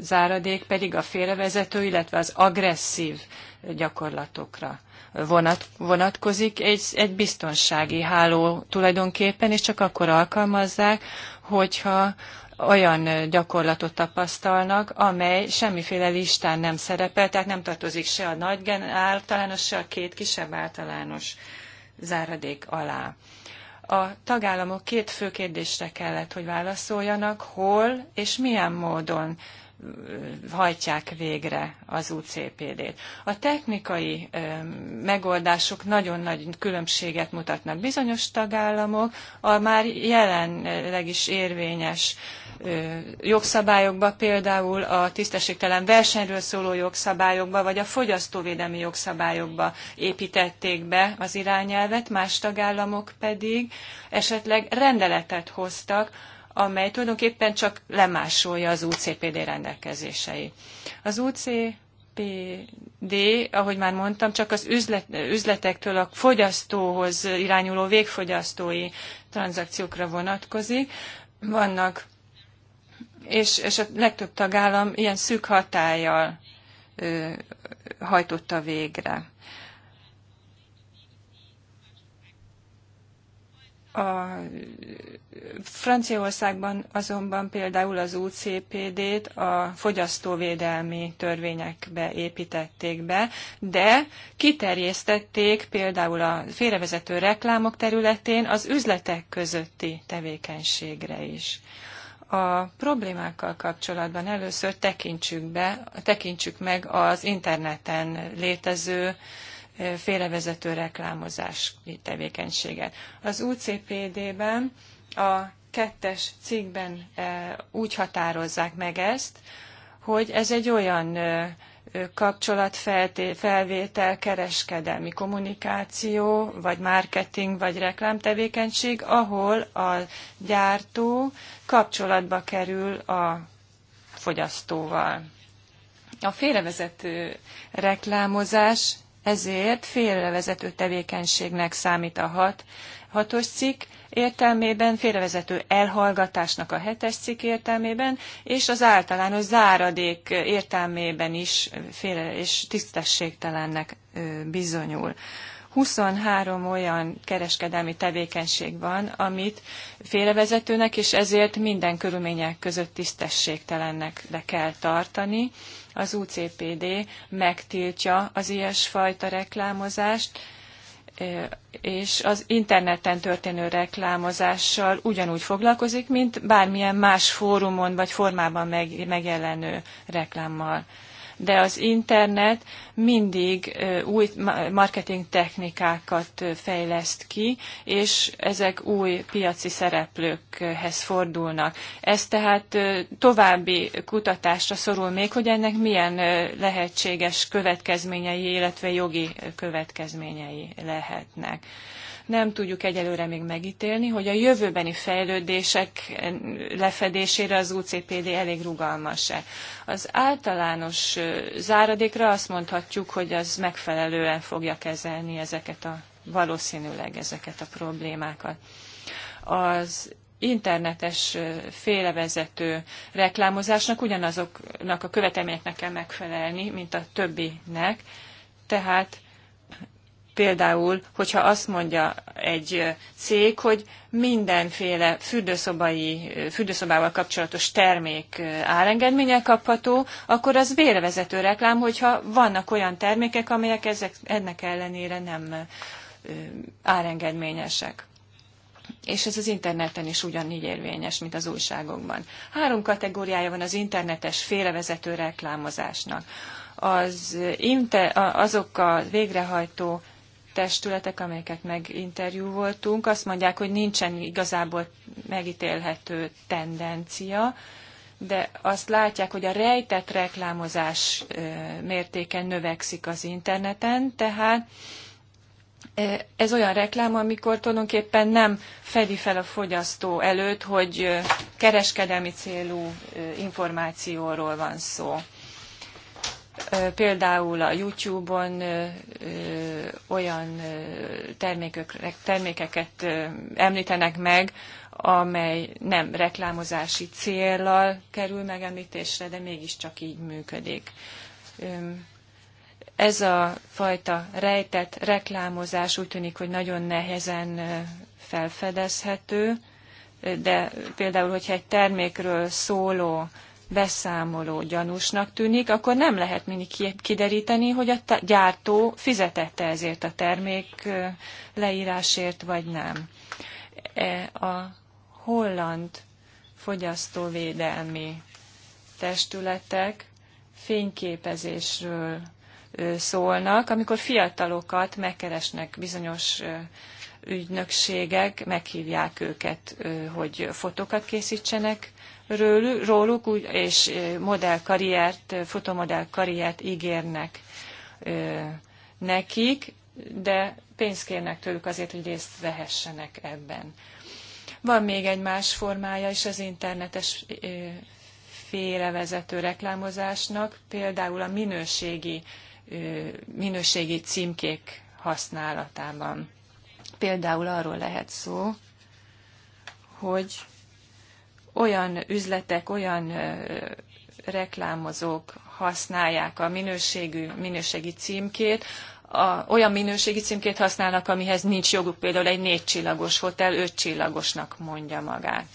Speaker 1: záradék pedig a félrevezető, illetve az agresszív gyakorlatokra vonat, vonatkozik. Egy, egy biztonsági háló tulajdonképpen, és csak akkor alkalmazzák, hogyha olyan gyakorlatot tapasztalnak, amely semmiféle listán nem szerepel, tehát nem tartozik se a nagy általános, se a két kisebb általános záradék alá. A tagállamok két fő kérdésre kellett, hogy válaszoljanak, hol és milyen módon hajtják végre az UCPD-t. A technikai megoldások nagyon nagy különbséget mutatnak bizonyos tagállamok, a már jelenleg is érvényes jogszabályokba, például a tisztességtelen versenyről szóló jogszabályokba, vagy a fogyasztóvédelmi jogszabályokba építették be az irányelvet, más tagállamok pedig esetleg rendeletet hoztak, amely tulajdonképpen csak lemásolja az UCPD rendelkezéseit. Az UCPD, ahogy már mondtam, csak az üzlet, üzletektől a fogyasztóhoz irányuló végfogyasztói tranzakciókra vonatkozik. Vannak, és, és a legtöbb tagállam ilyen szűk hatállyal ö, hajtotta végre. A Franciaországban azonban például az UCPD-t a fogyasztóvédelmi törvényekbe építették be, de kiterjesztették például a félrevezető reklámok területén az üzletek közötti tevékenységre is. A problémákkal kapcsolatban először tekintsük, be, tekintsük meg az interneten létező félrevezető reklámozás tevékenységet. Az UCPD-ben a kettes cikkben úgy határozzák meg ezt, hogy ez egy olyan kapcsolatfelvétel, kereskedelmi kommunikáció, vagy marketing, vagy reklámtevékenység, ahol a gyártó kapcsolatba kerül a fogyasztóval. A félrevezető reklámozás ezért félrevezető tevékenységnek számít a hat, hatos cikk értelmében, félrevezető elhallgatásnak a hetes cikk értelmében, és az általános záradék értelmében is félre és tisztességtelennek bizonyul. 23 olyan kereskedelmi tevékenység van, amit félrevezetőnek, és ezért minden körülmények között tisztességtelennek le kell tartani. Az UCPD megtiltja az ilyesfajta reklámozást, és az interneten történő reklámozással ugyanúgy foglalkozik, mint bármilyen más fórumon vagy formában megjelenő reklámmal de az internet mindig új marketing technikákat fejleszt ki, és ezek új piaci szereplőkhez fordulnak. Ez tehát további kutatásra szorul még, hogy ennek milyen lehetséges következményei, illetve jogi következményei lehetnek nem tudjuk egyelőre még megítélni, hogy a jövőbeni fejlődések lefedésére az UCPD elég rugalmas-e. Az általános záradékra azt mondhatjuk, hogy az megfelelően fogja kezelni ezeket a valószínűleg ezeket a problémákat. Az internetes félevezető reklámozásnak ugyanazoknak a követelményeknek kell megfelelni, mint a többinek, tehát Például, hogyha azt mondja egy cég, hogy mindenféle fürdőszobai, fürdőszobával kapcsolatos termék árengedménye kapható, akkor az vérvezető reklám, hogyha vannak olyan termékek, amelyek ezek, ennek ellenére nem árengedményesek. És ez az interneten is ugyanígy érvényes, mint az újságokban. Három kategóriája van az internetes félrevezető reklámozásnak. Az inter, azok a végrehajtó testületek, amelyeket meginterjúvoltunk, azt mondják, hogy nincsen igazából megítélhető tendencia, de azt látják, hogy a rejtett reklámozás mértéke növekszik az interneten, tehát ez olyan reklám, amikor tulajdonképpen nem fedi fel a fogyasztó előtt, hogy kereskedelmi célú információról van szó például a YouTube-on olyan termékeket említenek meg, amely nem reklámozási céllal kerül megemlítésre, de mégiscsak így működik. Ez a fajta rejtett reklámozás úgy tűnik, hogy nagyon nehezen felfedezhető, de például, hogyha egy termékről szóló beszámoló gyanúsnak tűnik, akkor nem lehet mindig kideríteni, hogy a gyártó fizetette ezért a termék leírásért, vagy nem. E, a holland fogyasztóvédelmi testületek fényképezésről szólnak, amikor fiatalokat megkeresnek bizonyos ügynökségek, meghívják őket, hogy fotókat készítsenek róluk, és modellkarriert, fotomodellkarriert ígérnek nekik, de pénzt kérnek tőlük azért, hogy részt vehessenek ebben. Van még egy más formája is az internetes félrevezető reklámozásnak, például a minőségi, minőségi címkék használatában. Például arról lehet szó, hogy olyan üzletek, olyan reklámozók használják a minőségű, minőségi címkét, a, olyan minőségi címkét használnak, amihez nincs joguk, például egy négy csillagos hotel öt csillagosnak mondja magát.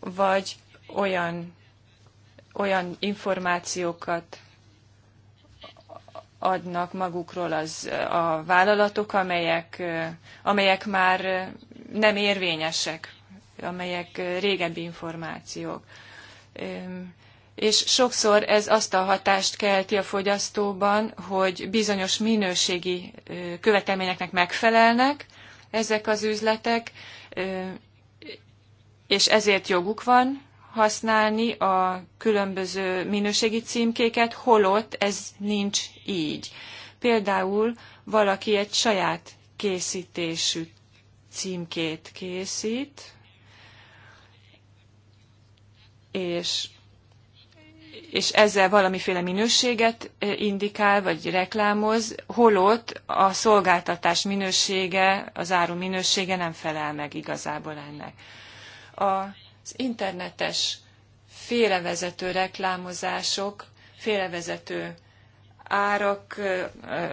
Speaker 1: Vagy olyan, olyan információkat adnak magukról az, a vállalatok, amelyek, amelyek már nem érvényesek, amelyek régebbi információk. És sokszor ez azt a hatást kelti a fogyasztóban, hogy bizonyos minőségi követelményeknek megfelelnek ezek az üzletek, és ezért joguk van használni a különböző minőségi címkéket, holott ez nincs így. Például valaki egy saját készítésű címkét készít, és, és ezzel valamiféle minőséget eh, indikál, vagy reklámoz, holott a szolgáltatás minősége, az áru minősége nem felel meg igazából ennek. Az internetes félrevezető reklámozások, félrevezető árak,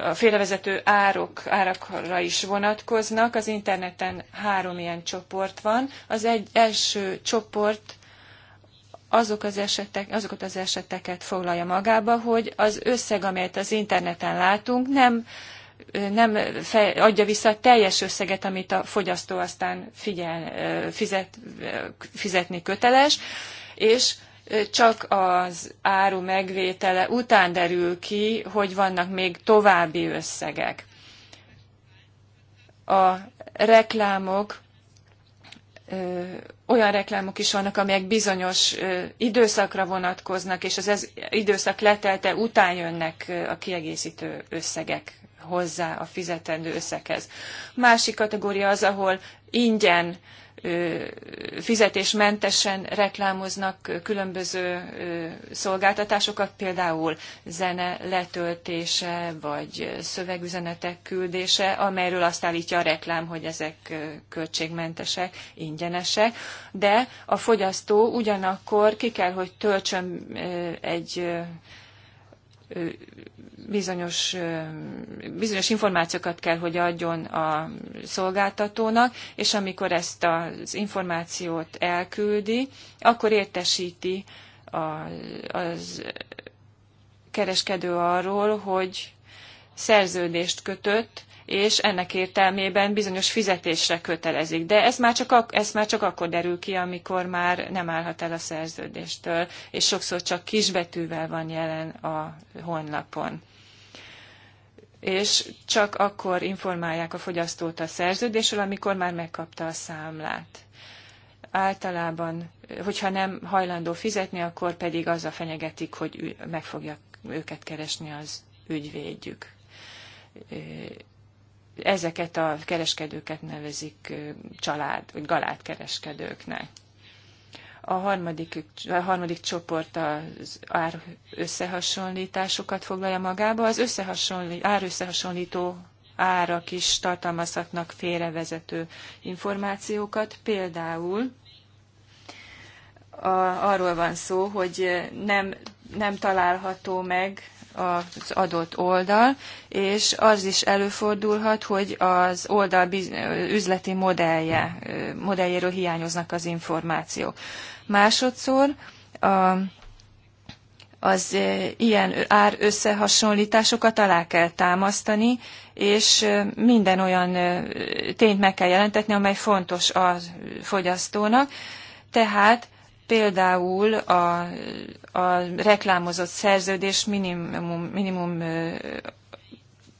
Speaker 1: a félrevezető árok, árakra is vonatkoznak. Az interneten három ilyen csoport van. Az egy első csoport azok az esetek, azokat az eseteket foglalja magába, hogy az összeg, amelyet az interneten látunk, nem, nem fej, adja vissza a teljes összeget, amit a fogyasztó aztán figyel, fizet, fizetni köteles, és csak az áru megvétele után derül ki, hogy vannak még további összegek. A reklámok olyan reklámok is vannak, amelyek bizonyos időszakra vonatkoznak, és az az időszak letelte után jönnek a kiegészítő összegek hozzá a fizetendő összeghez. Másik kategória az, ahol ingyen fizetésmentesen reklámoznak különböző szolgáltatásokat, például zene letöltése, vagy szövegüzenetek küldése, amelyről azt állítja a reklám, hogy ezek költségmentesek, ingyenesek, de a fogyasztó ugyanakkor ki kell, hogy töltsön egy bizonyos, bizonyos információkat kell, hogy adjon a szolgáltatónak, és amikor ezt az információt elküldi, akkor értesíti az kereskedő arról, hogy szerződést kötött, és ennek értelmében bizonyos fizetésre kötelezik. De ez már, csak, ez már csak akkor derül ki, amikor már nem állhat el a szerződéstől, és sokszor csak kisbetűvel van jelen a honlapon és csak akkor informálják a fogyasztót a szerződésről, amikor már megkapta a számlát. Általában, hogyha nem hajlandó fizetni, akkor pedig az a fenyegetik, hogy meg fogja őket keresni az ügyvédjük ezeket a kereskedőket nevezik család, vagy kereskedőknek. A harmadik, a harmadik csoport az ár összehasonlításokat foglalja magába. Az összehasonlít, ár összehasonlító árak is tartalmazhatnak félrevezető információkat. Például a, arról van szó, hogy nem, nem található meg az adott oldal, és az is előfordulhat, hogy az oldal üzleti modellje, modelljéről hiányoznak az információk. Másodszor a, az ilyen ár összehasonlításokat alá kell támasztani, és minden olyan tényt meg kell jelentetni, amely fontos a fogyasztónak. Tehát például a, a reklámozott szerződés minimum, minimum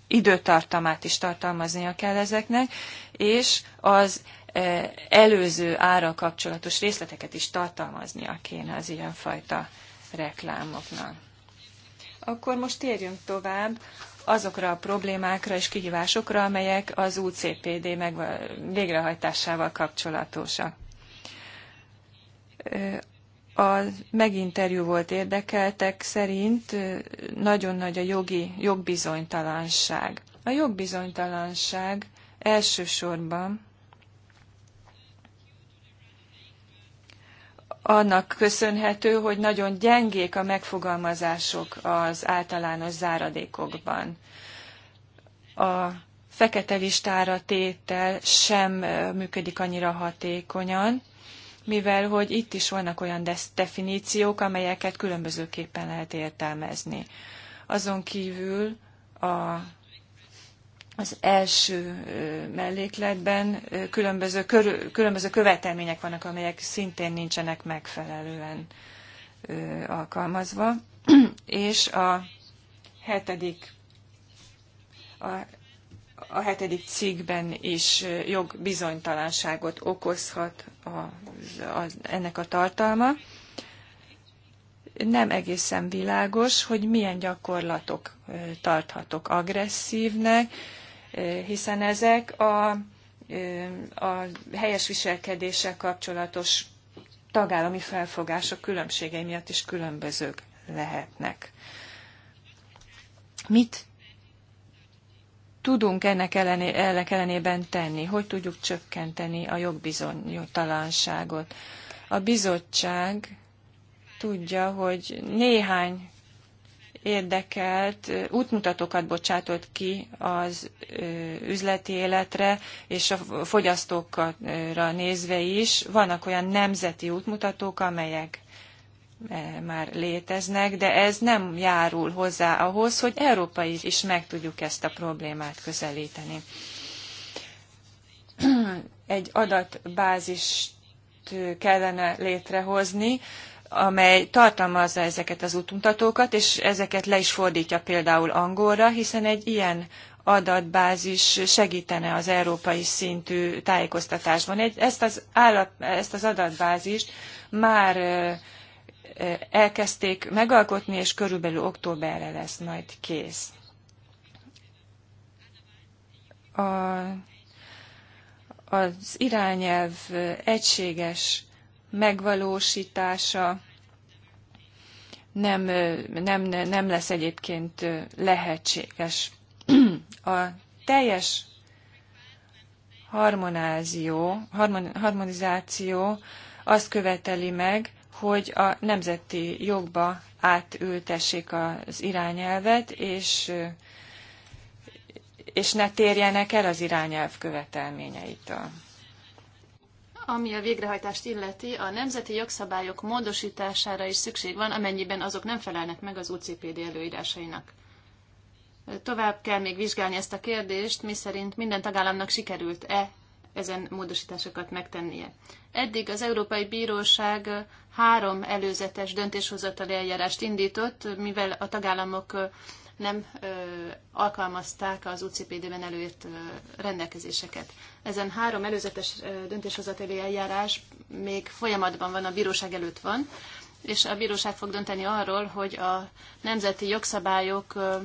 Speaker 1: időtartamát is tartalmaznia kell ezeknek, és az előző ára kapcsolatos részleteket is tartalmaznia kéne az ilyenfajta reklámoknak. Akkor most térjünk tovább azokra a problémákra és kihívásokra, amelyek az UCPD meg végrehajtásával kapcsolatosak a meginterjú volt érdekeltek szerint nagyon nagy a jogi jogbizonytalanság. A jogbizonytalanság elsősorban annak köszönhető, hogy nagyon gyengék a megfogalmazások az általános záradékokban. A fekete listára tétel sem működik annyira hatékonyan, mivel hogy itt is vannak olyan definíciók, amelyeket különbözőképpen lehet értelmezni. Azon kívül a, az első mellékletben különböző, kör, különböző követelmények vannak, amelyek szintén nincsenek megfelelően alkalmazva, és a hetedik a a hetedik cikkben is jogbizonytalanságot okozhat a, az, ennek a tartalma. Nem egészen világos, hogy milyen gyakorlatok tarthatok agresszívnek, hiszen ezek a, a helyes viselkedéssel kapcsolatos tagállami felfogások különbségei miatt is különbözők lehetnek. Mit tudunk ennek, ellené, ennek ellenében tenni? Hogy tudjuk csökkenteni a jogbizonytalanságot? A bizottság tudja, hogy néhány érdekelt útmutatókat bocsátott ki az üzleti életre, és a fogyasztókra nézve is vannak olyan nemzeti útmutatók, amelyek E, már léteznek, de ez nem járul hozzá ahhoz, hogy európai is meg tudjuk ezt a problémát közelíteni. Egy adatbázist kellene létrehozni, amely tartalmazza ezeket az útmutatókat, és ezeket le is fordítja például angolra, hiszen egy ilyen adatbázis segítene az európai szintű tájékoztatásban. Egy, ezt, az állap, ezt az adatbázist már elkezdték megalkotni, és körülbelül októberre lesz majd kész. A, az irányelv egységes megvalósítása nem, nem, nem lesz egyébként lehetséges. A teljes harmonázió, harmonizáció azt követeli meg, hogy a nemzeti jogba átültessék az irányelvet, és, és ne térjenek el az irányelv követelményeitől.
Speaker 2: Ami a végrehajtást illeti, a nemzeti jogszabályok módosítására is szükség van, amennyiben azok nem felelnek meg az UCPD előírásainak. Tovább kell még vizsgálni ezt a kérdést, miszerint minden tagállamnak sikerült-e ezen módosításokat megtennie. Eddig az Európai Bíróság három előzetes döntéshozatali eljárást indított, mivel a tagállamok nem ö, alkalmazták az UCPD-ben előírt ö, rendelkezéseket. Ezen három előzetes ö, döntéshozatali eljárás még folyamatban van, a bíróság előtt van, és a bíróság fog dönteni arról, hogy a nemzeti jogszabályok ö,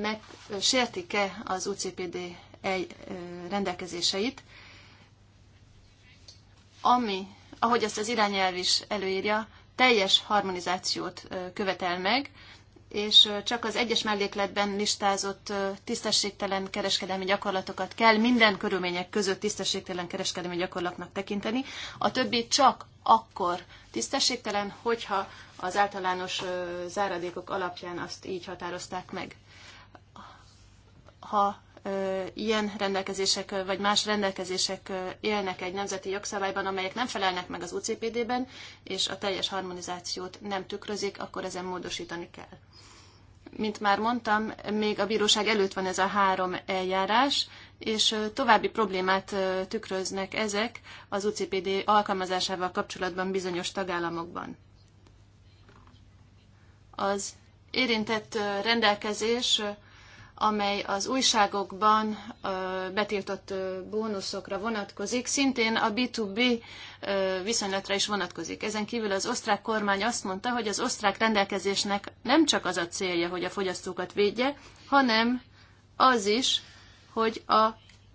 Speaker 2: meg, ö, sértik-e az UCPD el, ö, rendelkezéseit, ami ahogy ezt az irányelv is előírja, teljes harmonizációt követel meg, és csak az egyes mellékletben listázott tisztességtelen kereskedelmi gyakorlatokat kell minden körülmények között tisztességtelen kereskedelmi gyakorlatnak tekinteni. A többi csak akkor tisztességtelen, hogyha az általános záradékok alapján azt így határozták meg. Ha ilyen rendelkezések vagy más rendelkezések élnek egy nemzeti jogszabályban, amelyek nem felelnek meg az UCPD-ben, és a teljes harmonizációt nem tükrözik, akkor ezen módosítani kell. Mint már mondtam, még a bíróság előtt van ez a három eljárás, és további problémát tükröznek ezek az UCPD alkalmazásával kapcsolatban bizonyos tagállamokban. Az érintett rendelkezés amely az újságokban betiltott bónuszokra vonatkozik, szintén a B2B viszonylatra is vonatkozik. Ezen kívül az osztrák kormány azt mondta, hogy az osztrák rendelkezésnek nem csak az a célja, hogy a fogyasztókat védje, hanem az is, hogy a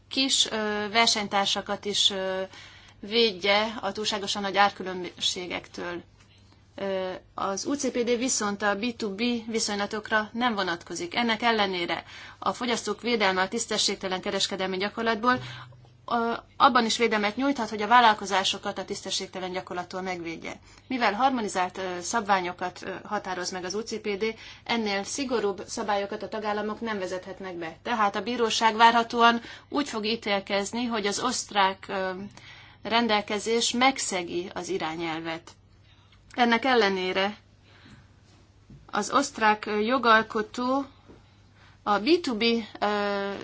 Speaker 2: kis versenytársakat is védje a túlságosan nagy árkülönbségektől. Az UCPD viszont a B2B viszonylatokra nem vonatkozik. Ennek ellenére a fogyasztók védelme a tisztességtelen kereskedelmi gyakorlatból abban is védelmet nyújthat, hogy a vállalkozásokat a tisztességtelen gyakorlattól megvédje. Mivel harmonizált szabványokat határoz meg az UCPD, ennél szigorúbb szabályokat a tagállamok nem vezethetnek be. Tehát a bíróság várhatóan úgy fog ítélkezni, hogy az osztrák rendelkezés megszegi az irányelvet. Ennek ellenére az osztrák jogalkotó a B2B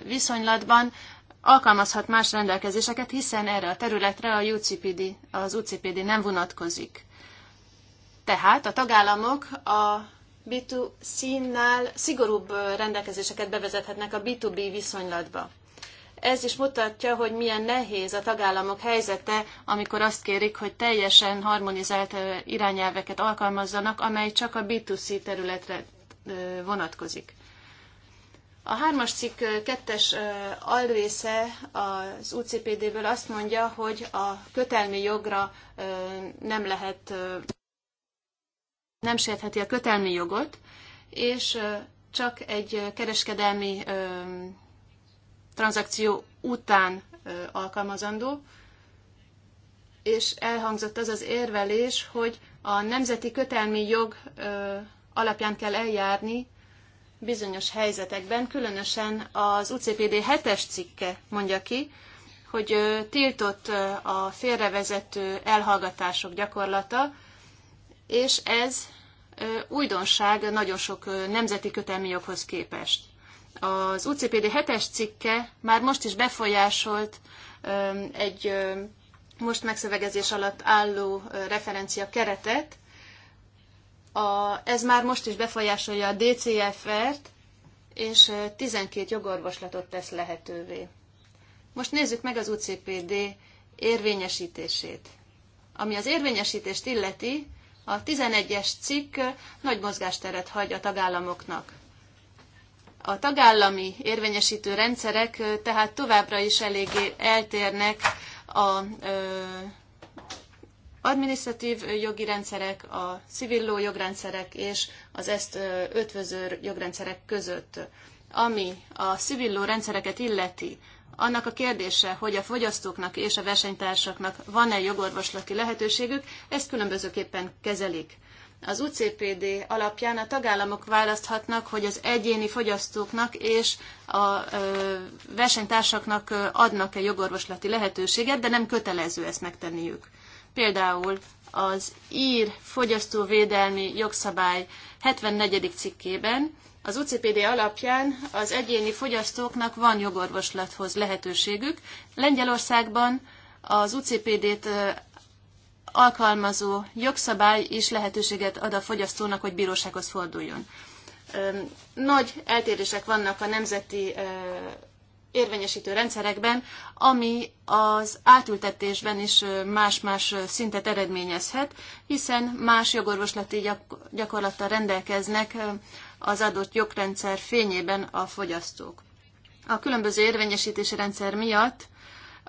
Speaker 2: viszonylatban alkalmazhat más rendelkezéseket, hiszen erre a területre a UCPD, az UCPD nem vonatkozik. Tehát a tagállamok a B2C-nál szigorúbb rendelkezéseket bevezethetnek a B2B viszonylatba. Ez is mutatja, hogy milyen nehéz a tagállamok helyzete, amikor azt kérik, hogy teljesen harmonizált irányelveket alkalmazzanak, amely csak a B2C területre vonatkozik. A hármas cikk kettes alrésze az UCPD-ből azt mondja, hogy a kötelmi jogra nem lehet, nem sértheti a kötelmi jogot, és csak egy kereskedelmi tranzakció után alkalmazandó, és elhangzott az az érvelés, hogy a nemzeti kötelmi jog alapján kell eljárni bizonyos helyzetekben, különösen az UCPD 7-es cikke mondja ki, hogy tiltott a félrevezető elhallgatások gyakorlata, és ez újdonság nagyon sok nemzeti kötelmi joghoz képest. Az UCPD 7-es cikke már most is befolyásolt egy most megszövegezés alatt álló referencia keretet. A, ez már most is befolyásolja a DCFR-t, és 12 jogorvoslatot tesz lehetővé. Most nézzük meg az UCPD érvényesítését. Ami az érvényesítést illeti, a 11-es cikk nagy mozgásteret hagy a tagállamoknak. A tagállami érvényesítő rendszerek tehát továbbra is eléggé eltérnek a adminisztratív jogi rendszerek, a civil jogrendszerek és az ezt ötvöző jogrendszerek között. Ami a civil rendszereket illeti, annak a kérdése, hogy a fogyasztóknak és a versenytársaknak van-e jogorvoslati lehetőségük, ezt különbözőképpen kezelik. Az UCPD alapján a tagállamok választhatnak, hogy az egyéni fogyasztóknak és a versenytársaknak adnak-e jogorvoslati lehetőséget, de nem kötelező ezt megtenniük. Például az ír fogyasztóvédelmi jogszabály 74. cikkében az UCPD alapján az egyéni fogyasztóknak van jogorvoslathoz lehetőségük. Lengyelországban az UCPD-t alkalmazó jogszabály is lehetőséget ad a fogyasztónak, hogy bírósághoz forduljon. Nagy eltérések vannak a nemzeti érvényesítő rendszerekben, ami az átültetésben is más-más szintet eredményezhet, hiszen más jogorvoslati gyakorlattal rendelkeznek az adott jogrendszer fényében a fogyasztók. A különböző érvényesítési rendszer miatt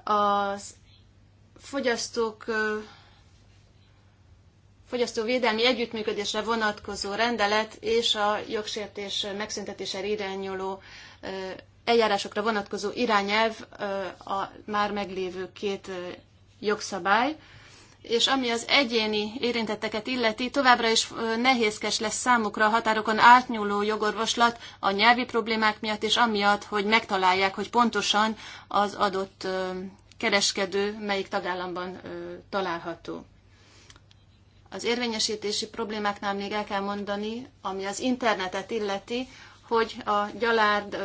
Speaker 2: az fogyasztók fogyasztóvédelmi együttműködésre vonatkozó rendelet és a jogsértés megszüntetésére irányuló eljárásokra vonatkozó irányelv a már meglévő két jogszabály, és ami az egyéni érintetteket illeti, továbbra is nehézkes lesz számukra a határokon átnyúló jogorvoslat a nyelvi problémák miatt, és amiatt, hogy megtalálják, hogy pontosan az adott kereskedő melyik tagállamban található. Az érvényesítési problémáknál még el kell mondani, ami az internetet illeti, hogy a gyalárd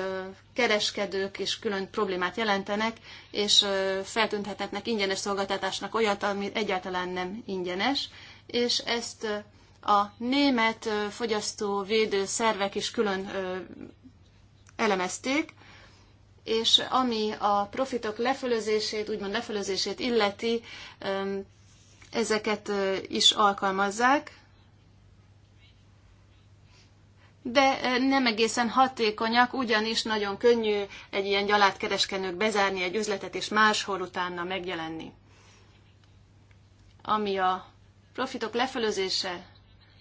Speaker 2: kereskedők is külön problémát jelentenek, és feltüntethetnek ingyenes szolgáltatásnak olyat, ami egyáltalán nem ingyenes, és ezt a német fogyasztóvédő szervek is külön elemezték, és ami a profitok lefölözését, úgymond lefölözését illeti, ezeket is alkalmazzák, de nem egészen hatékonyak, ugyanis nagyon könnyű egy ilyen gyalátkereskedők bezárni egy üzletet, és máshol utána megjelenni. Ami a profitok lefölözése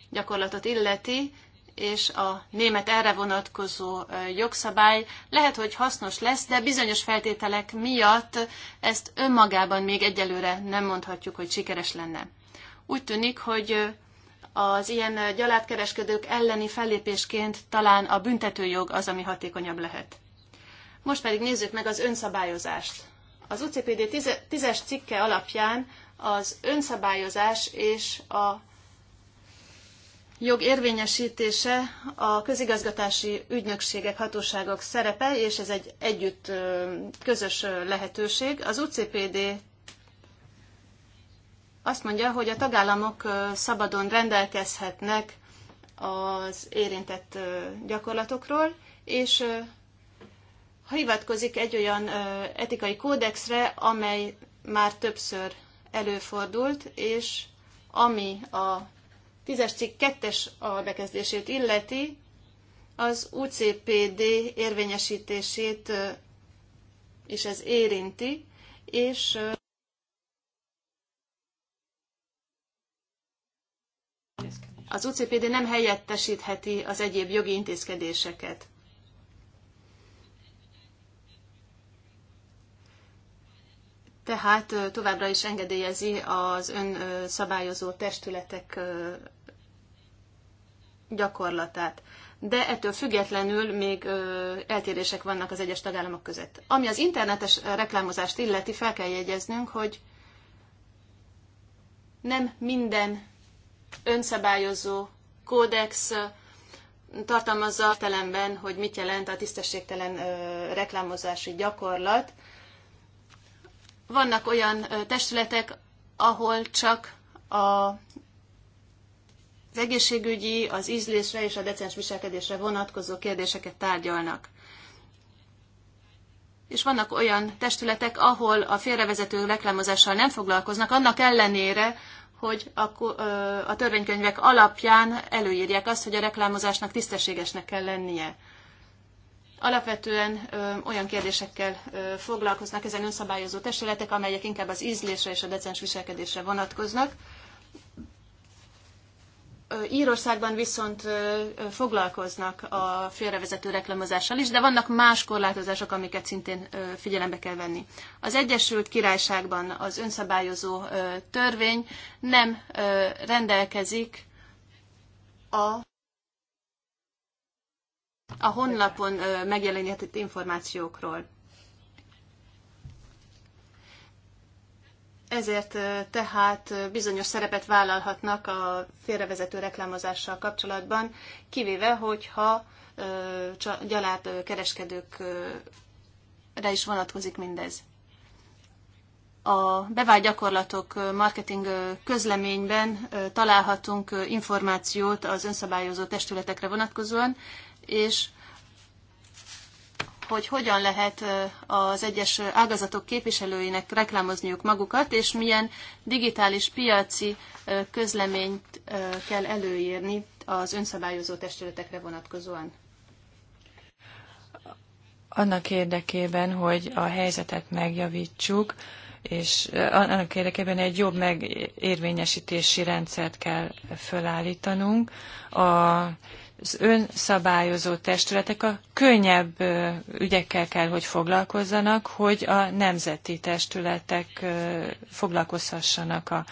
Speaker 2: gyakorlatot illeti, és a német erre vonatkozó jogszabály lehet, hogy hasznos lesz, de bizonyos feltételek miatt ezt önmagában még egyelőre nem mondhatjuk, hogy sikeres lenne. Úgy tűnik, hogy az ilyen gyalátkereskedők elleni fellépésként talán a büntetőjog az, ami hatékonyabb lehet. Most pedig nézzük meg az önszabályozást. Az UCPD 10-es cikke alapján az önszabályozás és a jog érvényesítése a közigazgatási ügynökségek, hatóságok szerepe, és ez egy együtt közös lehetőség. Az UCPD azt mondja, hogy a tagállamok szabadon rendelkezhetnek az érintett gyakorlatokról, és hivatkozik egy olyan etikai kódexre, amely már többször előfordult, és ami a tízes cikk kettes a bekezdését illeti, az UCPD érvényesítését is ez érinti, és az UCPD nem helyettesítheti az egyéb jogi intézkedéseket. tehát továbbra is engedélyezi az önszabályozó testületek gyakorlatát. De ettől függetlenül még eltérések vannak az egyes tagállamok között. Ami az internetes reklámozást illeti, fel kell jegyeznünk, hogy nem minden önszabályozó kódex tartalmazza telemben, hogy mit jelent a tisztességtelen reklámozási gyakorlat, vannak olyan testületek, ahol csak a, az egészségügyi, az ízlésre és a decens viselkedésre vonatkozó kérdéseket tárgyalnak. És vannak olyan testületek, ahol a félrevezető reklámozással nem foglalkoznak, annak ellenére, hogy a, a törvénykönyvek alapján előírják azt, hogy a reklámozásnak tisztességesnek kell lennie. Alapvetően ö, olyan kérdésekkel ö, foglalkoznak ezen önszabályozó testületek, amelyek inkább az ízlésre és a decens viselkedésre vonatkoznak. Írországban viszont foglalkoznak a félrevezető reklamozással is, de vannak más korlátozások, amiket szintén figyelembe kell venni. Az Egyesült Királyságban az önszabályozó törvény nem rendelkezik a a honlapon megjelenített információkról. Ezért tehát bizonyos szerepet vállalhatnak a félrevezető reklámozással kapcsolatban, kivéve, hogyha gyaláb kereskedőkre is vonatkozik mindez. A bevált gyakorlatok marketing közleményben találhatunk információt az önszabályozó testületekre vonatkozóan, és hogy hogyan lehet az egyes ágazatok képviselőinek reklámozniuk magukat, és milyen digitális piaci közleményt kell előírni az önszabályozó testületekre vonatkozóan.
Speaker 1: Annak érdekében, hogy a helyzetet megjavítsuk, és annak érdekében egy jobb megérvényesítési rendszert kell fölállítanunk. A az önszabályozó testületek a könnyebb ügyekkel kell, hogy foglalkozzanak, hogy a nemzeti testületek foglalkozhassanak a,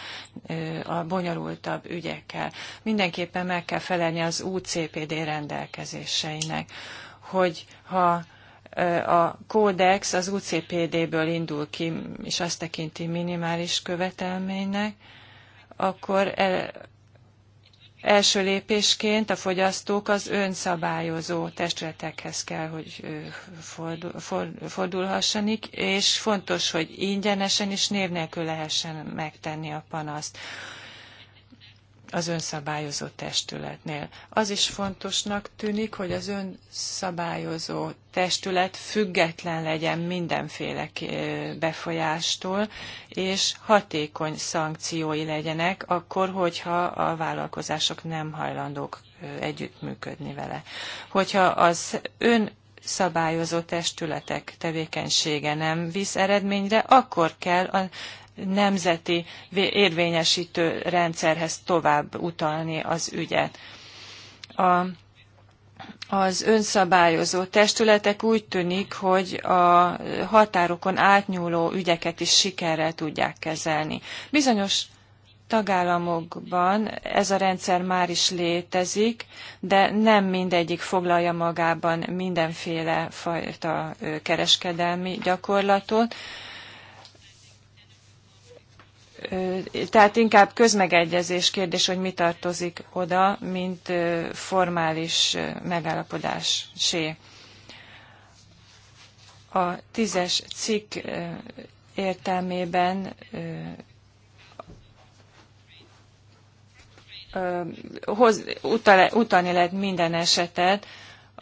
Speaker 1: a bonyolultabb ügyekkel. Mindenképpen meg kell felelni az UCPD rendelkezéseinek, hogy ha a kódex az UCPD-ből indul ki, és azt tekinti minimális követelménynek, akkor Első lépésként a fogyasztók az önszabályozó testületekhez kell, hogy fordulhassanik, és fontos, hogy ingyenesen és név nélkül lehessen megtenni a panaszt az önszabályozó testületnél. Az is fontosnak tűnik, hogy az önszabályozó testület független legyen mindenféle befolyástól, és hatékony szankciói legyenek akkor, hogyha a vállalkozások nem hajlandók együttműködni vele. Hogyha az ön szabályozó testületek tevékenysége nem visz eredményre, akkor kell a nemzeti érvényesítő rendszerhez tovább utalni az ügyet. A, az önszabályozó testületek úgy tűnik, hogy a határokon átnyúló ügyeket is sikerrel tudják kezelni. Bizonyos tagállamokban ez a rendszer már is létezik, de nem mindegyik foglalja magában mindenféle fajta kereskedelmi gyakorlatot tehát inkább közmegegyezés kérdés, hogy mi tartozik oda, mint formális megállapodásé. A tízes cikk értelmében utal, utalni lehet minden esetet,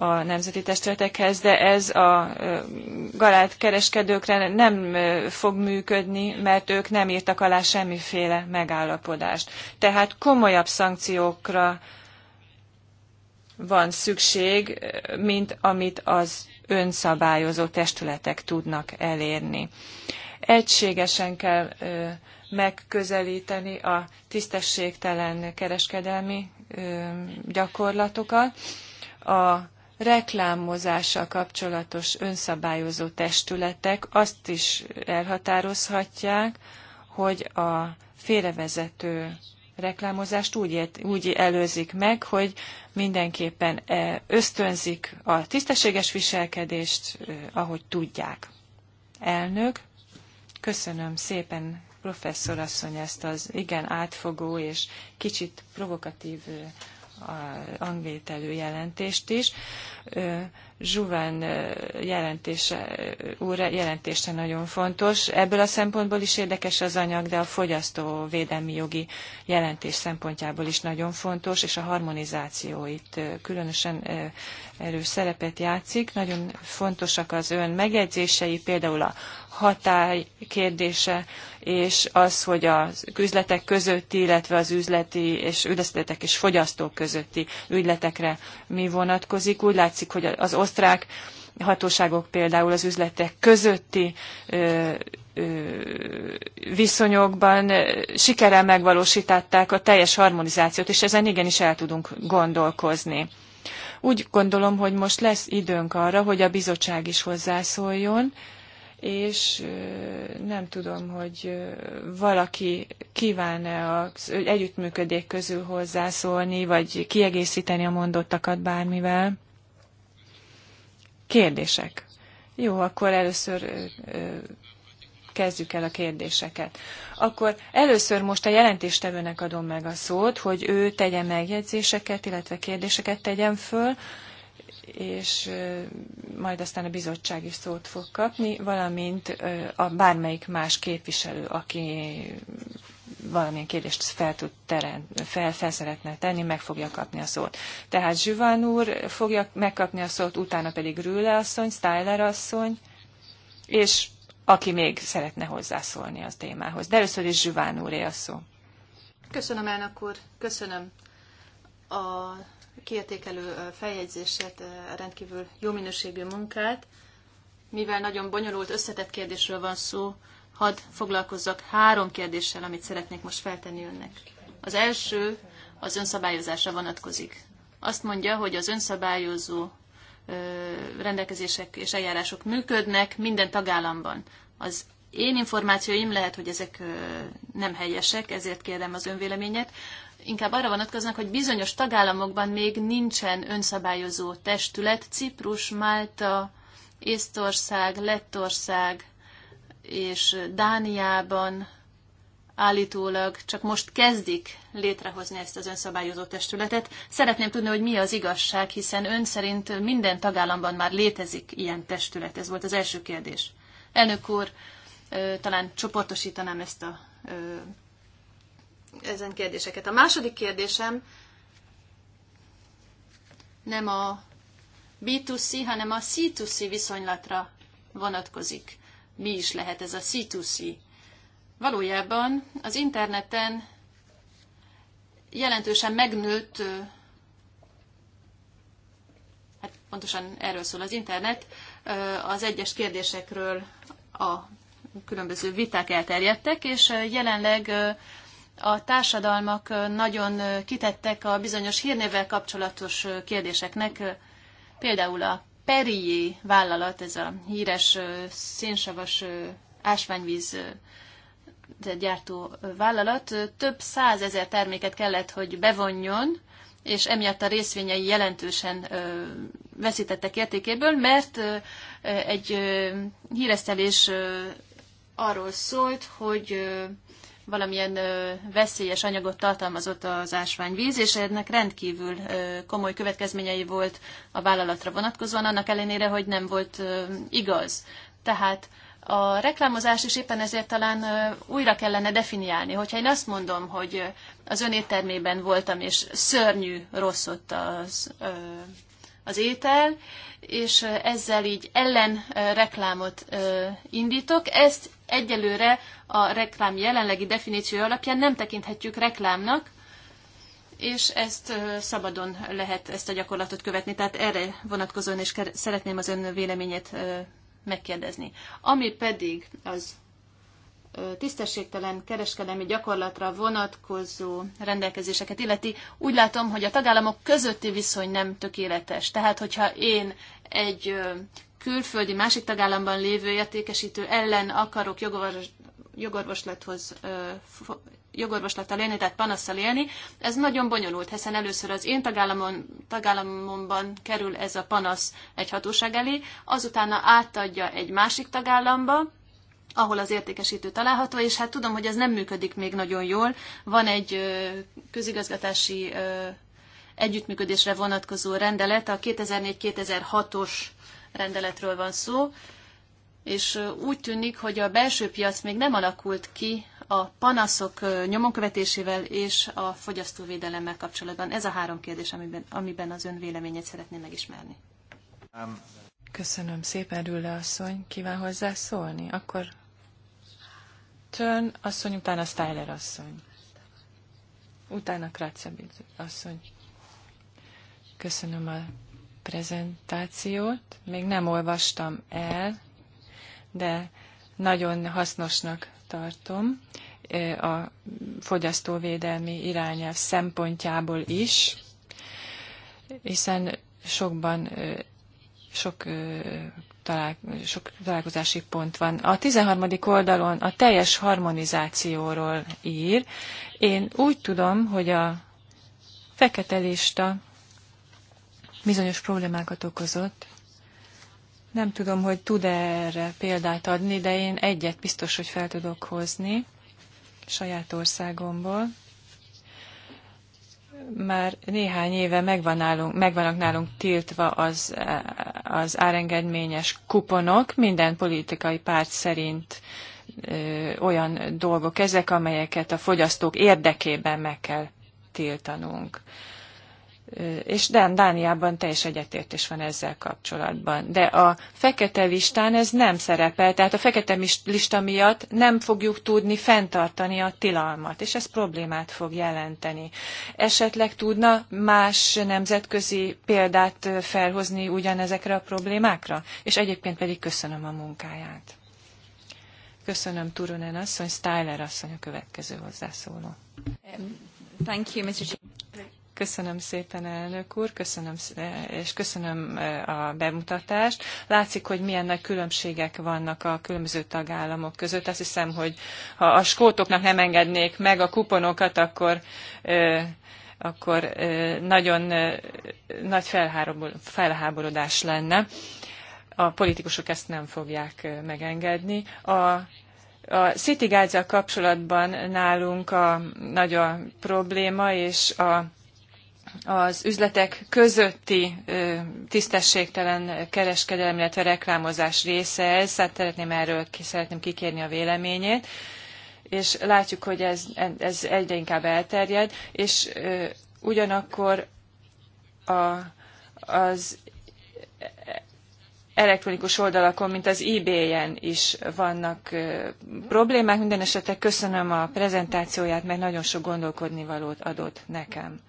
Speaker 1: a nemzeti testületekhez, de ez a galát kereskedőkre nem fog működni, mert ők nem írtak alá semmiféle megállapodást. Tehát komolyabb szankciókra van szükség, mint amit az önszabályozó testületek tudnak elérni. Egységesen kell megközelíteni a tisztességtelen kereskedelmi gyakorlatokat. A reklámozással kapcsolatos önszabályozó testületek azt is elhatározhatják, hogy a félrevezető reklámozást úgy, úgy előzik meg, hogy mindenképpen e, ösztönzik a tisztességes viselkedést, e, ahogy tudják. Elnök, köszönöm szépen professzor asszony ezt az igen átfogó és kicsit provokatív e, hangvételű jelentést is. Zsuván jelentése, úr jelentése nagyon fontos. Ebből a szempontból is érdekes az anyag, de a fogyasztóvédelmi jogi jelentés szempontjából is nagyon fontos, és a harmonizáció itt különösen erős szerepet játszik. Nagyon fontosak az ön megjegyzései, például a hatály kérdése, és az, hogy az üzletek közötti, illetve az üzleti és üzletek és fogyasztók közötti ügyletekre mi vonatkozik. Úgy látszik, hogy az osztrák hatóságok például az üzletek közötti ö, ö, viszonyokban sikerrel megvalósították a teljes harmonizációt, és ezen igenis el tudunk gondolkozni. Úgy gondolom, hogy most lesz időnk arra, hogy a bizottság is hozzászóljon, és nem tudom, hogy valaki kíván-e az együttműködés közül hozzászólni, vagy kiegészíteni a mondottakat bármivel. Kérdések. Jó, akkor először kezdjük el a kérdéseket. Akkor először most a jelentéstevőnek adom meg a szót, hogy ő tegyen megjegyzéseket, illetve kérdéseket tegyen föl, és majd aztán a bizottság is szót fog kapni, valamint a bármelyik más képviselő, aki valamilyen kérdést fel, tud teren, fel, fel szeretne tenni, meg fogja kapni a szót. Tehát Zsivan úr fogja megkapni a szót, utána pedig Rüle asszony, Styler asszony, és aki még szeretne hozzászólni a témához. De először is Zsivan úré a szó.
Speaker 2: Köszönöm, elnök úr, köszönöm a kiértékelő feljegyzését, a rendkívül jó minőségű munkát. Mivel nagyon bonyolult, összetett kérdésről van szó, hadd foglalkozzak három kérdéssel, amit szeretnék most feltenni önnek. Az első az önszabályozásra vonatkozik. Azt mondja, hogy az önszabályozó rendelkezések és eljárások működnek minden tagállamban. Az én információim lehet, hogy ezek nem helyesek, ezért kérem az önvéleményet. Inkább arra vonatkoznak, hogy bizonyos tagállamokban még nincsen önszabályozó testület. Ciprus, Málta, Észtország, Lettország, és Dániában állítólag csak most kezdik létrehozni ezt az önszabályozó testületet. Szeretném tudni, hogy mi az igazság, hiszen ön szerint minden tagállamban már létezik ilyen testület. Ez volt az első kérdés. Elnök úr, talán csoportosítanám ezt a ezen kérdéseket. A második kérdésem nem a B2C, hanem a C2C viszonylatra vonatkozik mi is lehet ez a C2C. Valójában az interneten jelentősen megnőtt, hát pontosan erről szól az internet, az egyes kérdésekről a különböző viták elterjedtek, és jelenleg a társadalmak nagyon kitettek a bizonyos hírnével kapcsolatos kérdéseknek, például a Perrier vállalat, ez a híres szénsavas ásványvíz gyártó vállalat több százezer terméket kellett, hogy bevonjon, és emiatt a részvényei jelentősen veszítettek értékéből, mert egy híresztelés arról szólt, hogy valamilyen veszélyes anyagot tartalmazott az ásványvíz, és ennek rendkívül komoly következményei volt a vállalatra vonatkozóan, annak ellenére, hogy nem volt igaz. Tehát a reklámozás is éppen ezért talán újra kellene definiálni. Hogyha én azt mondom, hogy az ön éttermében voltam, és szörnyű rossz ott az, az étel, és ezzel így ellen reklámot indítok. Ezt egyelőre a reklám jelenlegi definíció alapján nem tekinthetjük reklámnak, és ezt szabadon lehet ezt a gyakorlatot követni. Tehát erre vonatkozóan is szeretném az ön véleményét megkérdezni. Ami pedig az tisztességtelen kereskedelmi gyakorlatra vonatkozó rendelkezéseket illeti, úgy látom, hogy a tagállamok közötti viszony nem tökéletes. Tehát, hogyha én egy külföldi másik tagállamban lévő értékesítő ellen akarok jogorvoslathoz jogorvoslattal élni, tehát panaszsal élni, ez nagyon bonyolult, hiszen először az én tagállamon, tagállamomban kerül ez a panasz egy hatóság elé, azután átadja egy másik tagállamba, ahol az értékesítő található, és hát tudom, hogy ez nem működik még nagyon jól. Van egy közigazgatási együttműködésre vonatkozó rendelet, a 2004-2006-os rendeletről van szó, és úgy tűnik, hogy a belső piac még nem alakult ki a panaszok nyomonkövetésével és a fogyasztóvédelemmel kapcsolatban. Ez a három kérdés, amiben, amiben az
Speaker 1: ön véleményét szeretném megismerni. Köszönöm szépen, Rülle asszony. Kíván hozzászólni? Akkor Turn asszony, utána Styler asszony. Utána Kratzebic asszony. Köszönöm a prezentációt. Még nem olvastam el, de nagyon hasznosnak tartom eh, a fogyasztóvédelmi irányelv szempontjából is, hiszen sokban eh, sok eh, talál, sok találkozási pont van. A 13. oldalon a teljes harmonizációról ír. Én úgy tudom, hogy a fekete lista bizonyos problémákat okozott. Nem tudom, hogy tud -e erre példát adni, de én egyet biztos, hogy fel tudok hozni saját országomból már néhány éve megvan nálunk, megvannak nálunk tiltva az, az árengedményes kuponok, minden politikai párt szerint ö, olyan dolgok ezek, amelyeket a fogyasztók érdekében meg kell tiltanunk. Ö, és Dán, Dániában teljes egyetértés van ezzel kapcsolatban. De a fekete listán ez nem szerepel, tehát a fekete lista miatt nem fogjuk tudni fenntartani a tilalmat, és ez problémát fog jelenteni. Esetleg tudna más nemzetközi példát felhozni ugyanezekre a problémákra? És egyébként pedig köszönöm a munkáját. Köszönöm Turunen asszony, Styler asszony a következő hozzászóló. Thank you, Mr. Köszönöm szépen, elnök úr, köszönöm, e, és köszönöm e, a bemutatást. Látszik, hogy milyen nagy különbségek vannak a különböző tagállamok között. Azt hiszem, hogy ha a skótoknak nem engednék meg a kuponokat, akkor e, akkor nagyon nagy felháborodás lenne. A politikusok ezt nem fogják megengedni. A a City guides kapcsolatban nálunk a nagy a probléma, és a az üzletek közötti tisztességtelen kereskedelem, illetve reklámozás része ez, hát szeretném erről szeretném kikérni a véleményét, és látjuk, hogy ez, ez egyre inkább elterjed, és ugyanakkor a, az elektronikus oldalakon, mint az eBay-en is vannak problémák. Minden esetre köszönöm a prezentációját, mert nagyon sok gondolkodni valót adott nekem.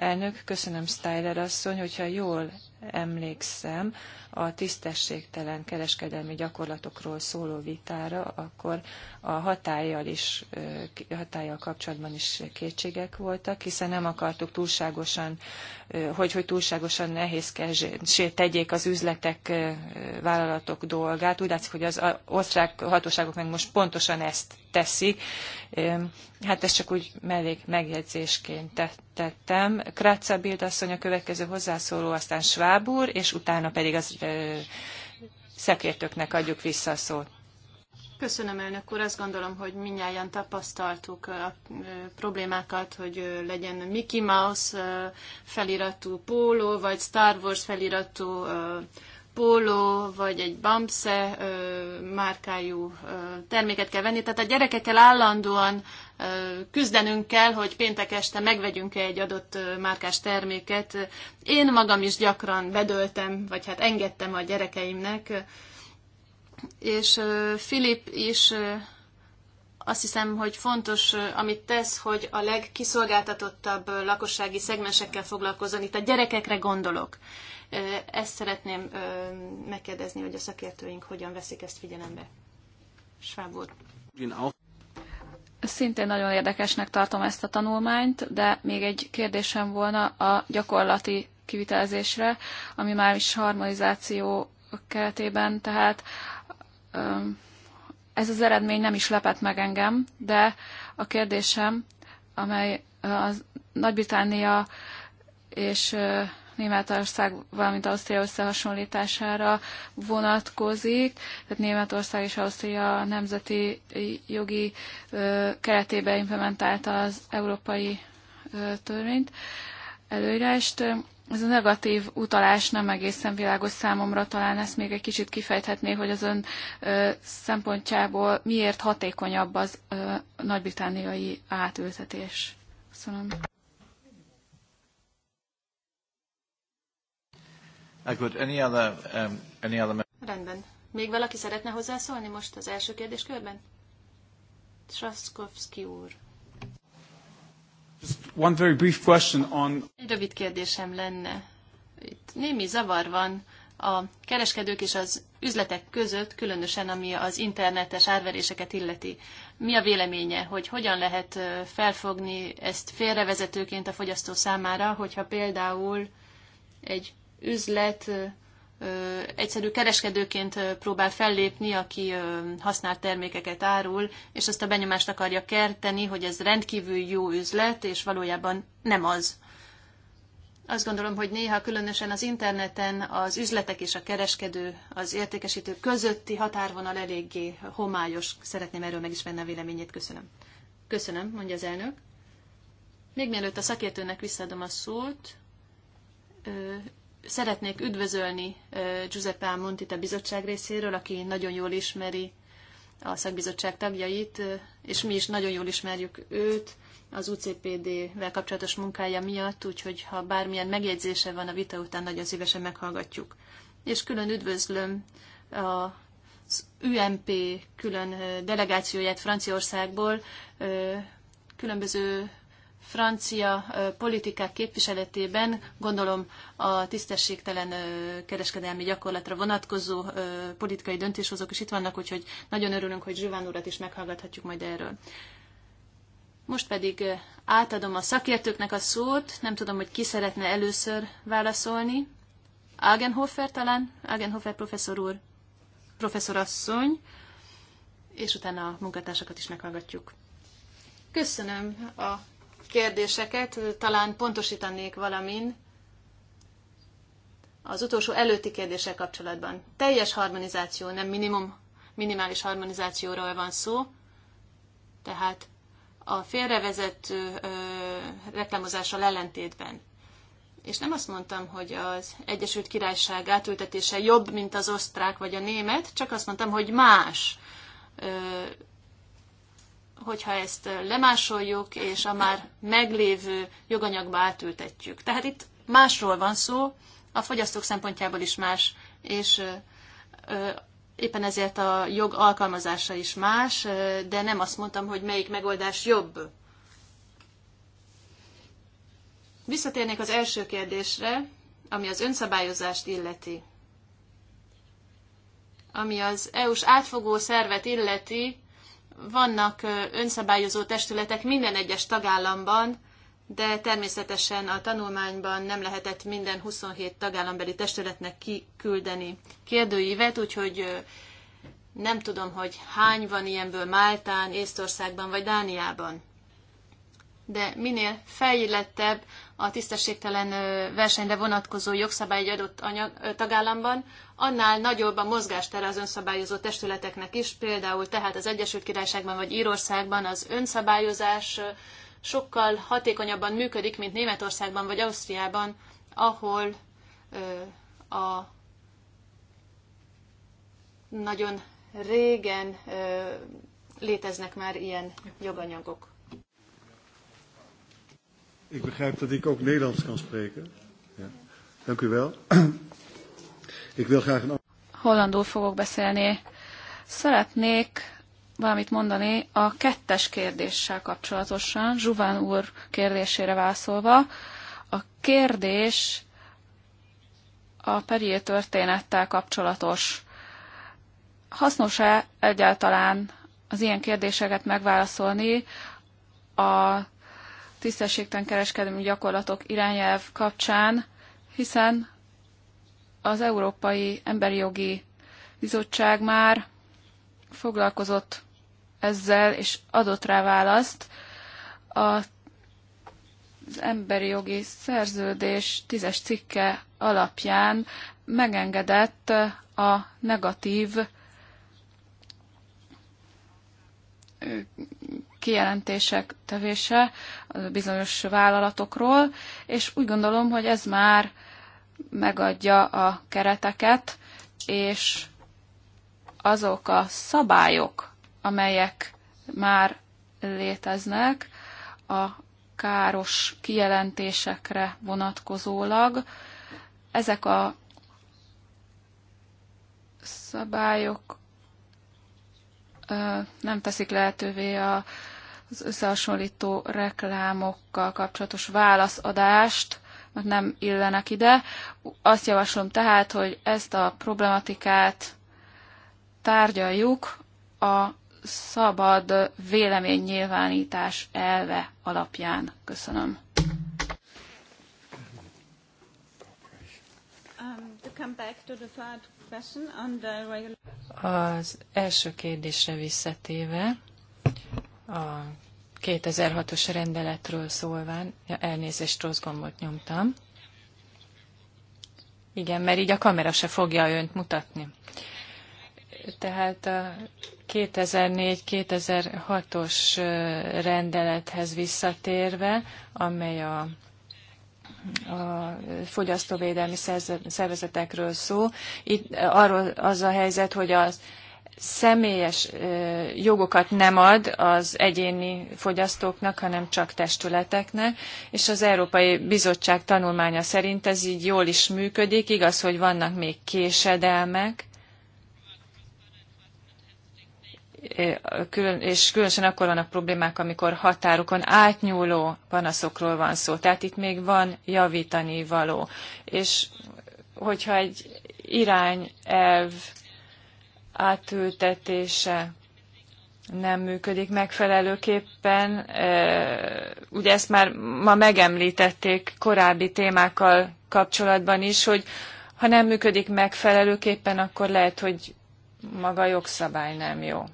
Speaker 1: Elnök, köszönöm Styler asszony, hogyha jól emlékszem a tisztességtelen kereskedelmi gyakorlatokról szóló vitára, akkor a hatállyal is, hatállyal kapcsolatban is kétségek voltak, hiszen nem akartuk túlságosan, hogy, hogy túlságosan nehézkesé tegyék az üzletek, vállalatok dolgát. Úgy látszik, hogy az osztrák hatóságok meg most pontosan ezt teszik. Hát ezt csak úgy mellék megjegyzésként tettem. Kratza Bild asszony a következő hozzászóló, aztán Svá Schwab úr, és utána pedig az szekértőknek adjuk vissza a szót.
Speaker 2: Köszönöm, elnök úr. Azt gondolom, hogy minnyáján tapasztaltuk a problémákat, hogy legyen Mickey Mouse feliratú póló, vagy Star Wars feliratú póló vagy egy Bamse ö, márkájú ö, terméket kell venni. Tehát a gyerekekkel állandóan ö, küzdenünk kell, hogy péntek este megvegyünk-e egy adott ö, márkás terméket. Én magam is gyakran bedöltem, vagy hát engedtem a gyerekeimnek. És ö, Filip is ö, azt hiszem, hogy fontos, amit tesz, hogy a legkiszolgáltatottabb lakossági szegmensekkel foglalkozzon. Itt a gyerekekre gondolok. Ezt szeretném megkérdezni, hogy a szakértőink hogyan veszik ezt figyelembe. Schwab úr.
Speaker 3: Szintén nagyon érdekesnek tartom ezt a tanulmányt, de még egy kérdésem volna a gyakorlati kivitelezésre, ami már is harmonizáció keretében, tehát ez az eredmény nem is lepett meg engem, de a kérdésem, amely a Nagy-Britannia és Németország, valamint Ausztria összehasonlítására vonatkozik. Tehát Németország és Ausztria nemzeti jogi keretében implementálta az európai törvényt, előírást. Ez a negatív utalás nem egészen világos számomra, talán ezt még egy kicsit kifejthetné, hogy az ön szempontjából miért hatékonyabb az nagybritániai nagy átültetés. Köszönöm.
Speaker 1: Good. Any other, um, any other...
Speaker 2: Rendben. Még valaki szeretne hozzászólni most az első kérdéskörben? Trzaskowski úr.
Speaker 3: Just one very brief question on...
Speaker 2: Egy rövid kérdésem lenne. Itt némi zavar van a kereskedők és az üzletek között, különösen ami az internetes árveréseket illeti. Mi a véleménye, hogy hogyan lehet felfogni ezt félrevezetőként a fogyasztó számára, hogyha például egy üzlet egyszerű kereskedőként próbál fellépni, aki használt termékeket árul, és azt a benyomást akarja kerteni, hogy ez rendkívül jó üzlet, és valójában nem az. Azt gondolom, hogy néha különösen az interneten az üzletek és a kereskedő, az értékesítő közötti határvonal eléggé homályos. Szeretném erről megismerni a véleményét. Köszönöm. Köszönöm, mondja az elnök. Még mielőtt a szakértőnek visszaadom a szót, szeretnék üdvözölni Giuseppe Almontit a bizottság részéről, aki nagyon jól ismeri a szakbizottság tagjait, és mi is nagyon jól ismerjük őt az UCPD-vel kapcsolatos munkája miatt, úgyhogy ha bármilyen megjegyzése van a vita után, nagyon szívesen meghallgatjuk. És külön üdvözlöm az UMP külön delegációját Franciaországból, különböző francia politikák képviseletében, gondolom a tisztességtelen kereskedelmi gyakorlatra vonatkozó politikai döntéshozók is itt vannak, úgyhogy nagyon örülünk, hogy Zsiván urat is meghallgathatjuk majd erről. Most pedig átadom a szakértőknek a szót, nem tudom, hogy ki szeretne először válaszolni. Agenhofer talán, Agenhofer professzor úr, professzor asszony, és utána a munkatársakat is meghallgatjuk. Köszönöm a kérdéseket, talán pontosítanék valamin az utolsó előtti kérdéssel kapcsolatban. Teljes harmonizáció, nem minimum, minimális harmonizációról van szó, tehát a félrevezető ö, reklamozással ellentétben. És nem azt mondtam, hogy az Egyesült Királyság átültetése jobb, mint az osztrák vagy a német, csak azt mondtam, hogy más ö, hogyha ezt lemásoljuk, és a már meglévő joganyagba átültetjük. Tehát itt másról van szó, a fogyasztók szempontjából is más, és éppen ezért a jog alkalmazása is más, de nem azt mondtam, hogy melyik megoldás jobb. Visszatérnék az első kérdésre, ami az önszabályozást illeti. Ami az EU-s átfogó szervet illeti, vannak önszabályozó testületek minden egyes tagállamban, de természetesen a tanulmányban nem lehetett minden 27 tagállambeli testületnek kiküldeni kérdőívet, úgyhogy nem tudom, hogy hány van ilyenből Máltán, Észtországban vagy Dániában. De minél fejlettebb a tisztességtelen versenyre vonatkozó jogszabály egy adott anyag, tagállamban, annál nagyobb a mozgástere az önszabályozó testületeknek is, például tehát az Egyesült Királyságban vagy Írországban az önszabályozás sokkal hatékonyabban működik, mint Németországban vagy Ausztriában, ahol a nagyon régen léteznek már ilyen joganyagok.
Speaker 1: Ik begrijp dat ik ook Nederlands kan spreken. Ja. Dank
Speaker 2: u wel. ik wil graag een...
Speaker 3: Hollandul fogok beszélni. Szeretnék valamit mondani a kettes kérdéssel kapcsolatosan, Zsuván úr kérdésére válaszolva. A kérdés a Perié történettel kapcsolatos. Hasznos-e egyáltalán az ilyen kérdéseket megválaszolni a tisztességtelen kereskedelmi gyakorlatok irányelv kapcsán, hiszen az Európai Emberi Jogi Bizottság már foglalkozott ezzel, és adott rá választ a, az emberi jogi szerződés tízes cikke alapján megengedett a negatív kijelentések tevése bizonyos vállalatokról, és úgy gondolom, hogy ez már megadja a kereteket, és azok a szabályok, amelyek már léteznek a káros kijelentésekre vonatkozólag, ezek a szabályok nem teszik lehetővé a az összehasonlító reklámokkal kapcsolatos válaszadást, mert nem illenek ide. Azt javaslom tehát, hogy ezt a problematikát tárgyaljuk a szabad véleménynyilvánítás elve alapján. Köszönöm.
Speaker 2: Um,
Speaker 1: az első kérdésre visszatéve, a 2006-os rendeletről szólván, ja, elnézést, rossz gombot nyomtam. Igen, mert így a kamera se fogja önt mutatni. Tehát a 2004-2006-os rendelethez visszatérve, amely a a fogyasztóvédelmi szervezetekről szó. Itt arról az a helyzet, hogy az személyes jogokat nem ad az egyéni fogyasztóknak, hanem csak testületeknek, és az Európai Bizottság tanulmánya szerint ez így jól is működik, igaz, hogy vannak még késedelmek, és különösen akkor vannak problémák, amikor határokon átnyúló panaszokról van szó. Tehát itt még van javítani való. És hogyha egy irányelv átültetése nem működik megfelelőképpen. Ugye ezt már ma megemlítették korábbi témákkal kapcsolatban is, hogy ha nem működik megfelelőképpen, akkor lehet, hogy maga a jogszabály nem jó.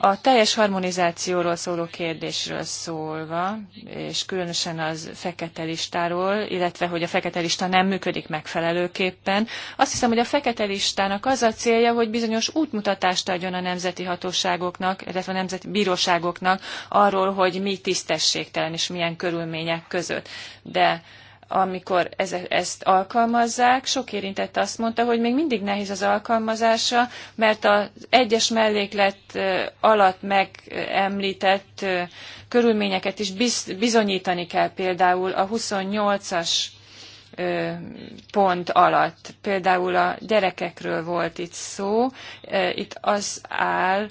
Speaker 1: A teljes harmonizációról szóló kérdésről szólva, és különösen az fekete listáról, illetve hogy a fekete lista nem működik megfelelőképpen, azt hiszem, hogy a fekete listának az a célja, hogy bizonyos útmutatást adjon a nemzeti hatóságoknak, illetve a nemzeti bíróságoknak arról, hogy mi tisztességtelen és milyen körülmények között. De amikor ezt alkalmazzák, sok érintett azt mondta, hogy még mindig nehéz az alkalmazása, mert az egyes melléklet alatt megemlített körülményeket is bizonyítani kell például a 28-as pont alatt. Például a gyerekekről volt itt szó, itt az áll,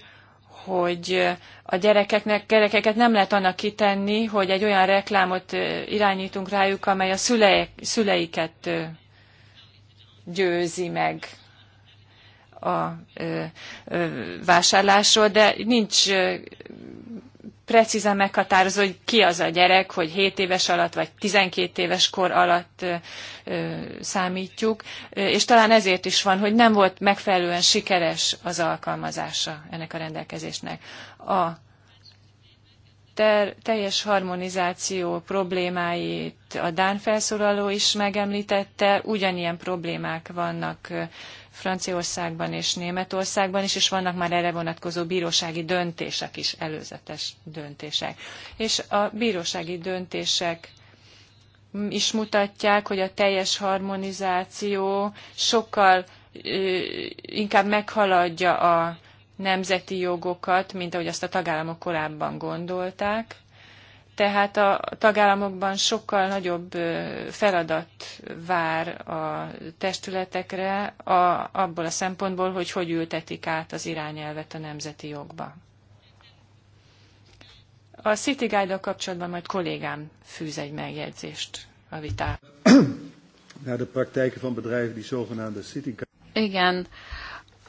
Speaker 1: hogy a gyerekeknek, gyerekeket nem lehet annak kitenni, hogy egy olyan reklámot irányítunk rájuk, amely a szüleik, szüleiket győzi meg a vásárlásról, de nincs precízen meghatározó, hogy ki az a gyerek, hogy 7 éves alatt vagy 12 éves kor alatt számítjuk, és talán ezért is van, hogy nem volt megfelelően sikeres az alkalmazása ennek a rendelkezésnek. A ter- teljes harmonizáció problémáit a Dán felszólaló is megemlítette, ugyanilyen problémák vannak Franciaországban és Németországban is, és vannak már erre vonatkozó bírósági döntések is, előzetes döntések. És a bírósági döntések is mutatják, hogy a teljes harmonizáció sokkal ö, inkább meghaladja a nemzeti jogokat, mint ahogy azt a tagállamok korábban gondolták tehát a tagállamokban sokkal nagyobb feladat vár a testületekre a, abból a szempontból, hogy hogy ültetik át az irányelvet a nemzeti jogba. A City guide kapcsolatban majd kollégám fűz egy megjegyzést a vitára.
Speaker 2: van
Speaker 1: Igen,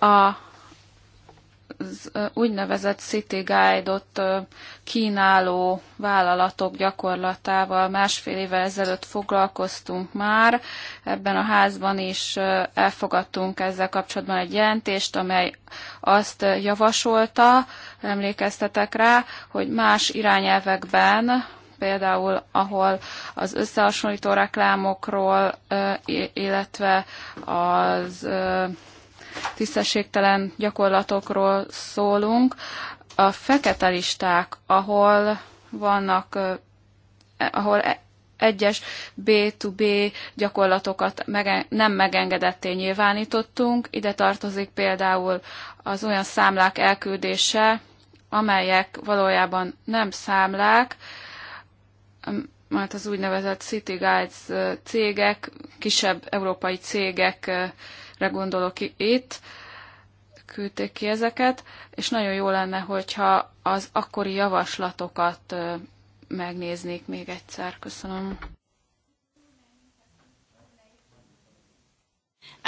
Speaker 1: a
Speaker 3: az úgynevezett City Guide-ot kínáló vállalatok gyakorlatával másfél éve ezelőtt foglalkoztunk már. Ebben a házban is elfogadtunk ezzel kapcsolatban egy jelentést, amely azt javasolta, emlékeztetek rá, hogy más irányelvekben, például ahol az összehasonlító reklámokról, illetve az tisztességtelen gyakorlatokról szólunk. A fekete listák, ahol vannak, ahol e- egyes B2B gyakorlatokat nem megengedetté nyilvánítottunk. Ide tartozik például az olyan számlák elküldése, amelyek valójában nem számlák, mert az úgynevezett City Guides cégek, kisebb európai cégek gondolok itt, küldték ki ezeket, és nagyon jó lenne, hogyha az akkori javaslatokat megnéznék még egyszer. Köszönöm.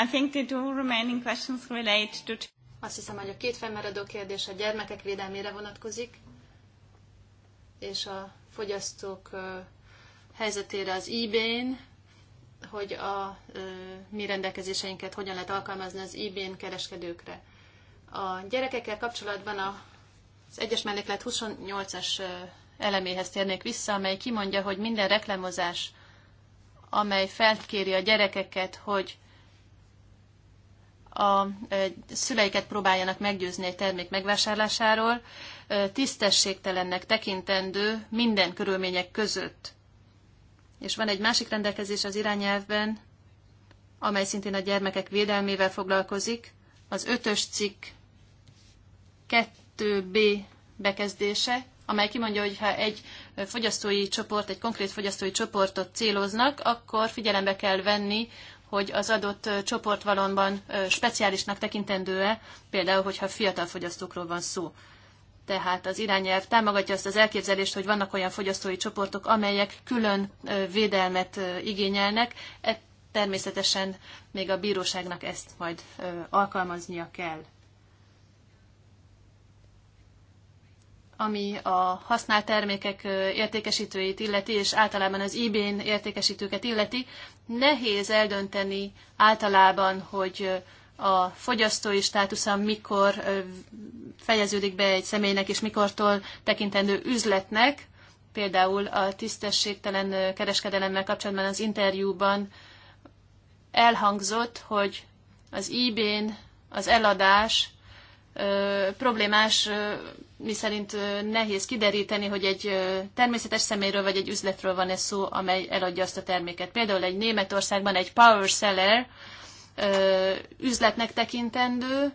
Speaker 1: I think the two remaining questions relate to... Azt
Speaker 2: hiszem, hogy a két felmeredő kérdés a gyermekek védelmére vonatkozik, és a fogyasztók helyzetére az eBay-n, hogy a ö, mi rendelkezéseinket hogyan lehet alkalmazni az IB-n kereskedőkre. A gyerekekkel kapcsolatban a, az egyes melléklet 28-as eleméhez térnék vissza, amely kimondja, hogy minden reklámozás, amely felkéri a gyerekeket, hogy a szüleiket próbáljanak meggyőzni egy termék megvásárlásáról, tisztességtelennek tekintendő minden körülmények között és van egy másik rendelkezés az irányelvben, amely szintén a gyermekek védelmével foglalkozik, az ötös cikk 2b bekezdése, amely kimondja, hogy ha egy fogyasztói csoport, egy konkrét fogyasztói csoportot céloznak, akkor figyelembe kell venni, hogy az adott csoport valonban speciálisnak tekintendő-e, például, hogyha fiatal fogyasztókról van szó. Tehát az irányelv támogatja azt az elképzelést, hogy vannak olyan fogyasztói csoportok, amelyek külön védelmet igényelnek. E természetesen még a bíróságnak ezt majd alkalmaznia kell. ami a használt termékek értékesítőit illeti, és általában az eBay-n értékesítőket illeti, nehéz eldönteni általában, hogy a fogyasztói státusza mikor fejeződik be egy személynek, és mikortól tekintendő üzletnek, például a tisztességtelen kereskedelemmel kapcsolatban az interjúban elhangzott, hogy az eBay-n az eladás ö, problémás, ö, miszerint ö, nehéz kideríteni, hogy egy ö, természetes személyről vagy egy üzletről van-e szó, amely eladja azt a terméket. Például egy Németországban egy power seller, üzletnek tekintendő,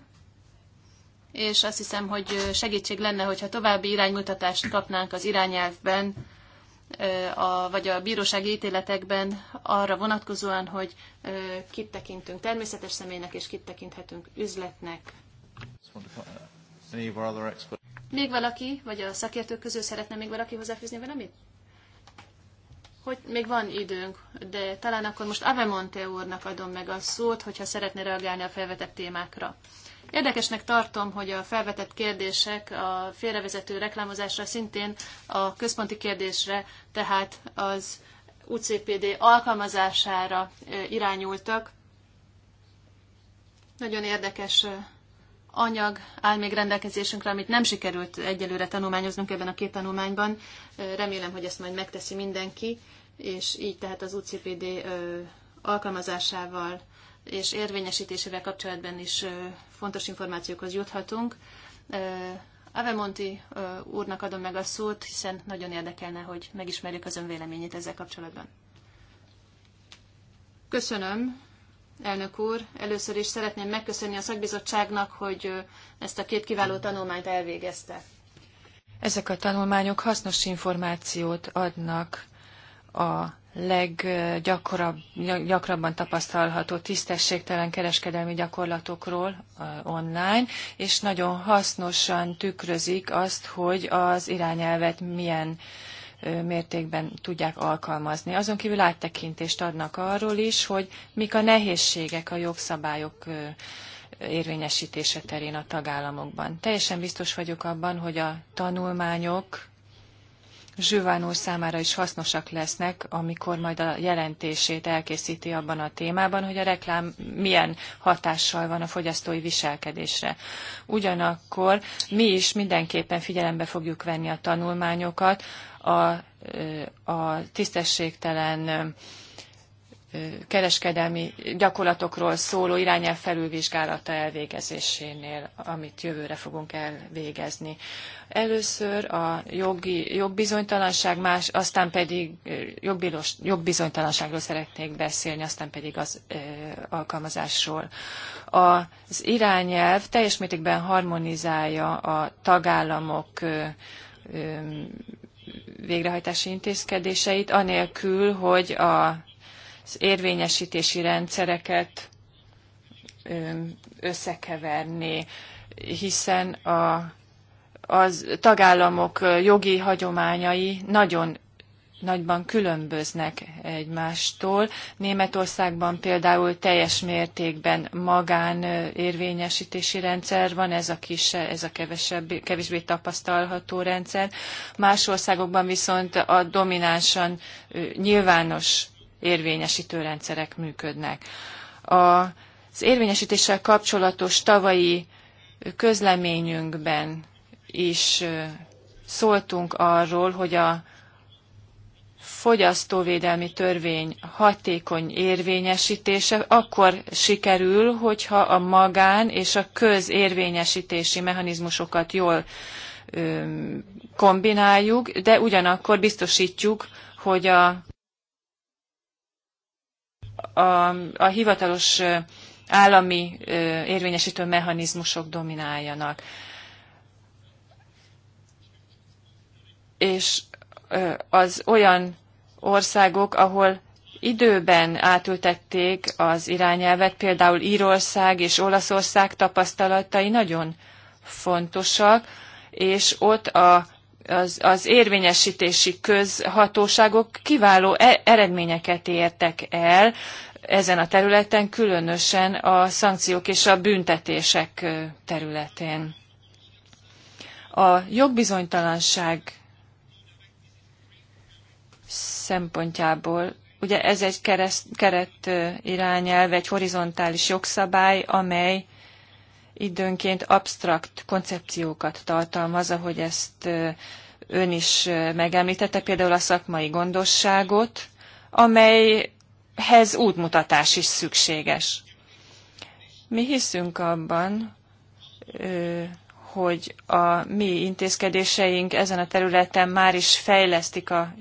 Speaker 2: és azt hiszem, hogy segítség lenne, hogyha további iránymutatást kapnánk az irányelvben, a, vagy a bírósági ítéletekben arra vonatkozóan, hogy kit tekintünk természetes személynek, és kit tekinthetünk üzletnek. Még valaki, vagy a szakértők közül szeretne még valaki hozzáfűzni valamit? hogy még van időnk, de talán akkor most Avemonte úrnak adom meg a szót, hogyha szeretne reagálni a felvetett témákra. Érdekesnek tartom, hogy a felvetett kérdések a félrevezető reklámozásra szintén a központi kérdésre, tehát az UCPD alkalmazására irányultak. Nagyon érdekes anyag áll még rendelkezésünkre, amit nem sikerült egyelőre tanulmányoznunk ebben a két tanulmányban. Remélem, hogy ezt majd megteszi mindenki és így tehát az UCPD alkalmazásával és érvényesítésével kapcsolatban is fontos információkhoz juthatunk. Avemonti úrnak adom meg a szót, hiszen nagyon érdekelne, hogy megismerjük az ön véleményét ezzel kapcsolatban.
Speaker 1: Köszönöm,
Speaker 2: elnök úr. Először is szeretném megköszönni a szakbizottságnak, hogy ezt a két kiváló tanulmányt elvégezte.
Speaker 1: Ezek a tanulmányok hasznos információt adnak a leggyakrabban tapasztalható tisztességtelen kereskedelmi gyakorlatokról uh, online, és nagyon hasznosan tükrözik azt, hogy az irányelvet milyen mértékben tudják alkalmazni. Azon kívül áttekintést adnak arról is, hogy mik a nehézségek a jogszabályok érvényesítése terén a tagállamokban. Teljesen biztos vagyok abban, hogy a tanulmányok Zsüván úr számára is hasznosak lesznek, amikor majd a jelentését elkészíti abban a témában, hogy a reklám milyen hatással van a fogyasztói viselkedésre. Ugyanakkor mi is mindenképpen figyelembe fogjuk venni a tanulmányokat, a, a tisztességtelen kereskedelmi gyakorlatokról szóló irányelv felülvizsgálata elvégezésénél, amit jövőre fogunk elvégezni. Először a jogi, jogbizonytalanság, más, aztán pedig jogbilos, jogbizonytalanságról szeretnék beszélni, aztán pedig az ö, alkalmazásról. Az irányelv teljes mértékben harmonizálja a tagállamok ö, ö, végrehajtási intézkedéseit, anélkül, hogy a érvényesítési rendszereket összekeverni, hiszen a, az tagállamok jogi hagyományai nagyon nagyban különböznek egymástól. Németországban például teljes mértékben magán érvényesítési rendszer van, ez a, kis, ez a kevesebb, kevésbé tapasztalható rendszer. Más országokban viszont a dominánsan nyilvános érvényesítő rendszerek működnek. Az érvényesítéssel kapcsolatos tavalyi közleményünkben is szóltunk arról, hogy a fogyasztóvédelmi törvény hatékony érvényesítése akkor sikerül, hogyha a magán és a közérvényesítési mechanizmusokat jól kombináljuk, de ugyanakkor biztosítjuk, hogy a a, a hivatalos állami érvényesítő mechanizmusok domináljanak. És az olyan országok, ahol időben átültették az irányelvet, például Írország és Olaszország tapasztalatai nagyon fontosak, és ott a az, az érvényesítési közhatóságok kiváló e- eredményeket értek el ezen a területen, különösen a szankciók és a büntetések területén. A jogbizonytalanság szempontjából ugye ez egy kereszt, keret irányelv, egy horizontális jogszabály, amely időnként absztrakt koncepciókat tartalmaz, ahogy ezt ön is megemlítette, például a szakmai gondosságot, amelyhez útmutatás is szükséges. Mi hiszünk abban, hogy a mi intézkedéseink ezen a területen már is fejlesztik a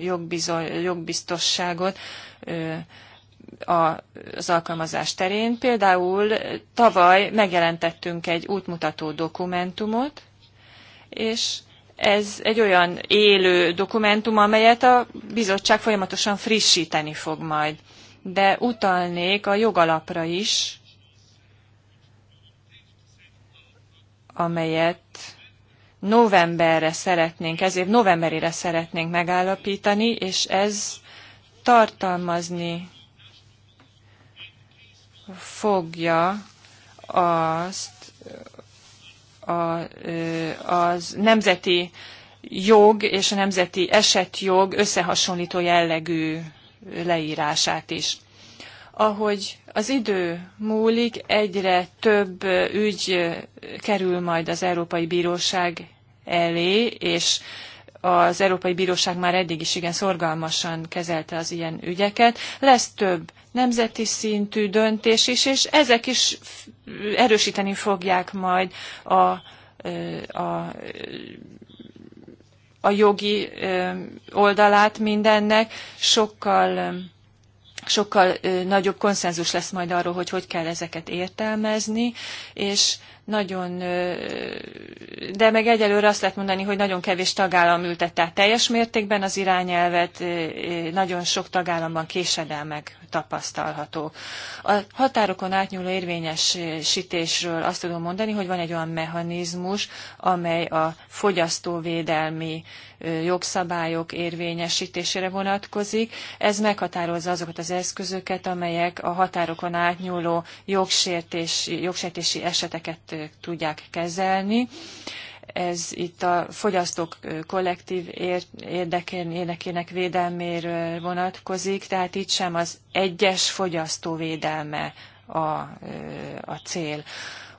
Speaker 1: jogbiztosságot, az alkalmazás terén. Például tavaly megjelentettünk egy útmutató dokumentumot, és ez egy olyan élő dokumentum, amelyet a bizottság folyamatosan frissíteni fog majd. De utalnék a jogalapra is, amelyet novemberre szeretnénk, ez év novemberére szeretnénk megállapítani, és ez tartalmazni fogja azt a, az nemzeti jog és a nemzeti esetjog összehasonlító jellegű leírását is. Ahogy az idő múlik, egyre több ügy kerül majd az Európai Bíróság elé, és az Európai Bíróság már eddig is igen szorgalmasan kezelte az ilyen ügyeket. Lesz több nemzeti szintű döntés is, és ezek is erősíteni fogják majd a, a, a jogi oldalát mindennek. Sokkal sokkal nagyobb konszenzus lesz majd arról, hogy hogy kell ezeket értelmezni, és nagyon, de meg egyelőre azt lehet mondani, hogy nagyon kevés tagállam ültette át teljes mértékben az irányelvet, nagyon sok tagállamban késedelmek tapasztalható. A határokon átnyúló érvényesítésről azt tudom mondani, hogy van egy olyan mechanizmus, amely a fogyasztóvédelmi jogszabályok érvényesítésére vonatkozik. Ez meghatározza azokat az eszközöket, amelyek a határokon átnyúló jogsértési, jogsértési eseteket tudják kezelni. Ez itt a fogyasztók kollektív érdekén, érdekének védelméről vonatkozik, tehát itt sem az egyes fogyasztó védelme a, a cél.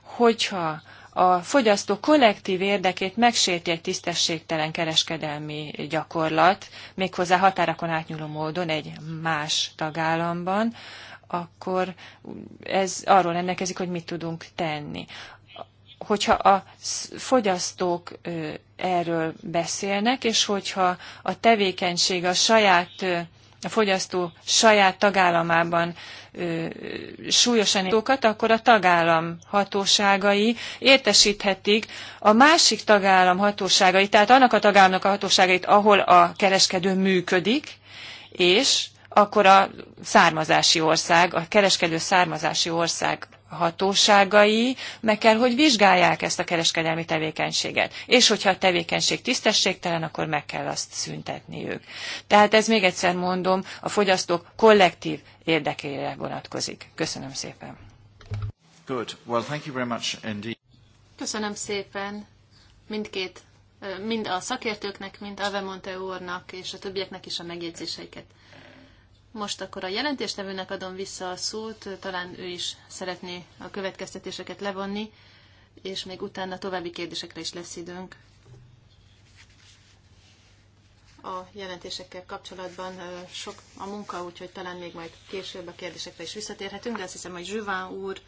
Speaker 1: Hogyha a fogyasztó kollektív érdekét megsérti egy tisztességtelen kereskedelmi gyakorlat, méghozzá határokon átnyúló módon egy más tagállamban, akkor ez arról rendelkezik, hogy mit tudunk tenni hogyha a fogyasztók erről beszélnek, és hogyha a tevékenység a saját a fogyasztó saját tagállamában ö, súlyosan étókat, akkor a tagállam hatóságai értesíthetik a másik tagállam hatóságait, tehát annak a tagállamnak a hatóságait, ahol a kereskedő működik, és akkor a származási ország, a kereskedő származási ország hatóságai meg kell, hogy vizsgálják ezt a kereskedelmi tevékenységet. És hogyha a tevékenység tisztességtelen, akkor meg kell azt szüntetni ők. Tehát ez még egyszer mondom, a fogyasztók kollektív érdekére vonatkozik. Köszönöm szépen. Good. Well, thank you very much indeed.
Speaker 2: Köszönöm szépen mindkét, mind a szakértőknek, mind Avemonte úrnak és a többieknek is a megjegyzéseiket. Most akkor a jelentéstevőnek adom vissza a szót, talán ő is szeretné a következtetéseket levonni, és még utána további kérdésekre is lesz időnk. A jelentésekkel kapcsolatban sok a munka, úgyhogy talán még majd később a kérdésekre is visszatérhetünk, de azt hiszem, hogy Zsüván úr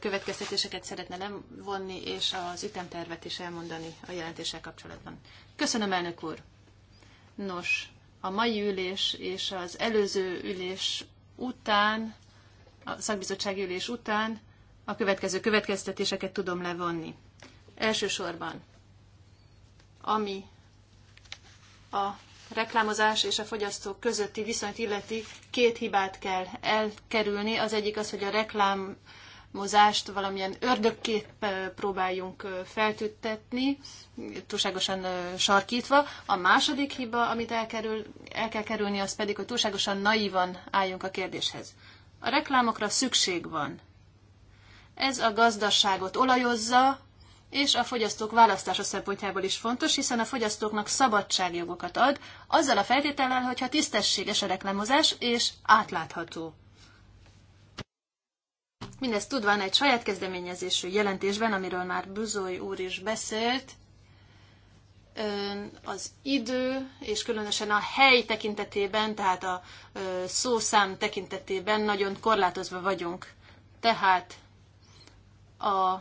Speaker 2: következtetéseket szeretne levonni, és az ütemtervet is elmondani a jelentéssel kapcsolatban. Köszönöm, elnök úr! Nos, a mai ülés és az előző ülés után, a szakbizottsági ülés után a következő következtetéseket tudom levonni. Elsősorban, ami a reklámozás és a fogyasztók közötti viszonyt illeti, két hibát kell elkerülni. Az egyik az, hogy a reklám mozást valamilyen ördögkép próbáljunk feltüttetni, túlságosan sarkítva. A második hiba, amit kerül, el kell kerülni, az pedig, hogy túlságosan naívan álljunk a kérdéshez. A reklámokra szükség van. Ez a gazdaságot olajozza, és a fogyasztók választása szempontjából is fontos, hiszen a fogyasztóknak szabadságjogokat ad, azzal a feltétellel, hogyha tisztességes a reklámozás és átlátható. Mindezt tudva egy saját kezdeményezésű jelentésben, amiről már Buzoly úr is beszélt, az idő, és különösen a hely tekintetében, tehát a szószám tekintetében nagyon korlátozva vagyunk. Tehát a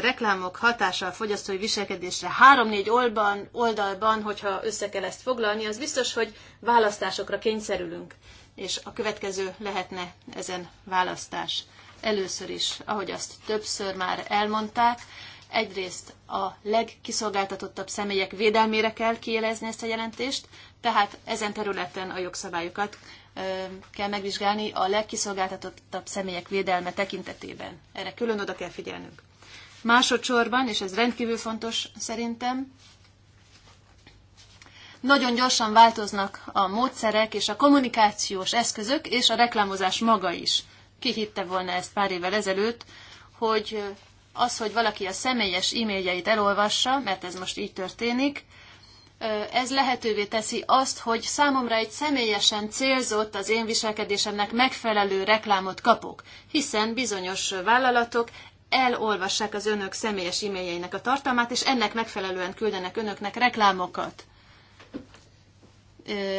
Speaker 2: reklámok hatása a fogyasztói viselkedésre három-négy oldalban, oldalban, hogyha össze kell ezt foglalni, az biztos, hogy választásokra kényszerülünk, és a következő lehetne ezen választás. Először is, ahogy azt többször már elmondták, egyrészt a legkiszolgáltatottabb személyek védelmére kell kielezni ezt a jelentést, tehát ezen területen a jogszabályokat kell megvizsgálni a legkiszolgáltatottabb személyek védelme tekintetében. Erre külön oda kell figyelnünk. Másodszorban, és ez rendkívül fontos szerintem, nagyon gyorsan változnak a módszerek és a kommunikációs eszközök és a reklámozás maga is ki hitte volna ezt pár évvel ezelőtt, hogy az, hogy valaki a személyes e-mailjeit elolvassa, mert ez most így történik, ez lehetővé teszi azt, hogy számomra egy személyesen célzott, az én viselkedésemnek megfelelő reklámot kapok, hiszen bizonyos vállalatok elolvassák az önök személyes e-mailjeinek a tartalmát, és ennek megfelelően küldenek önöknek reklámokat.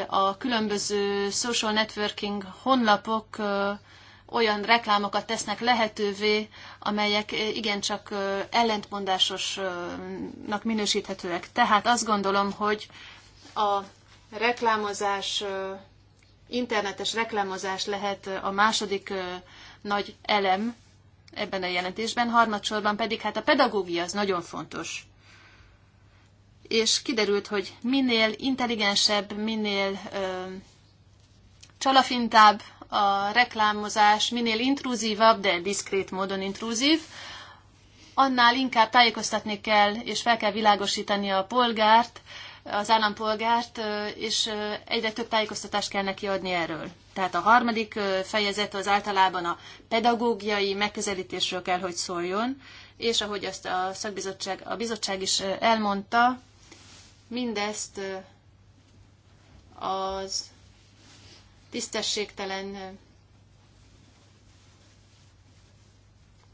Speaker 2: A különböző social networking honlapok olyan reklámokat tesznek lehetővé, amelyek eh, igencsak eh, ellentmondásosnak minősíthetőek. Tehát azt gondolom, hogy a reklámozás, eh, internetes reklámozás lehet a második nagy elem ebben a jelentésben, harmadsorban pedig hát a pedagógia az nagyon fontos. És kiderült, hogy minél intelligensebb, minél ö, csalafintább a reklámozás minél intrúzívabb, de diszkrét módon intrúzív, annál inkább tájékoztatni kell, és fel kell világosítani a polgárt, az állampolgárt, és egyre több tájékoztatást kell neki adni erről. Tehát a harmadik fejezet az általában a pedagógiai megközelítésről kell, hogy szóljon, és ahogy azt a szakbizottság, a bizottság is elmondta, mindezt az tisztességtelen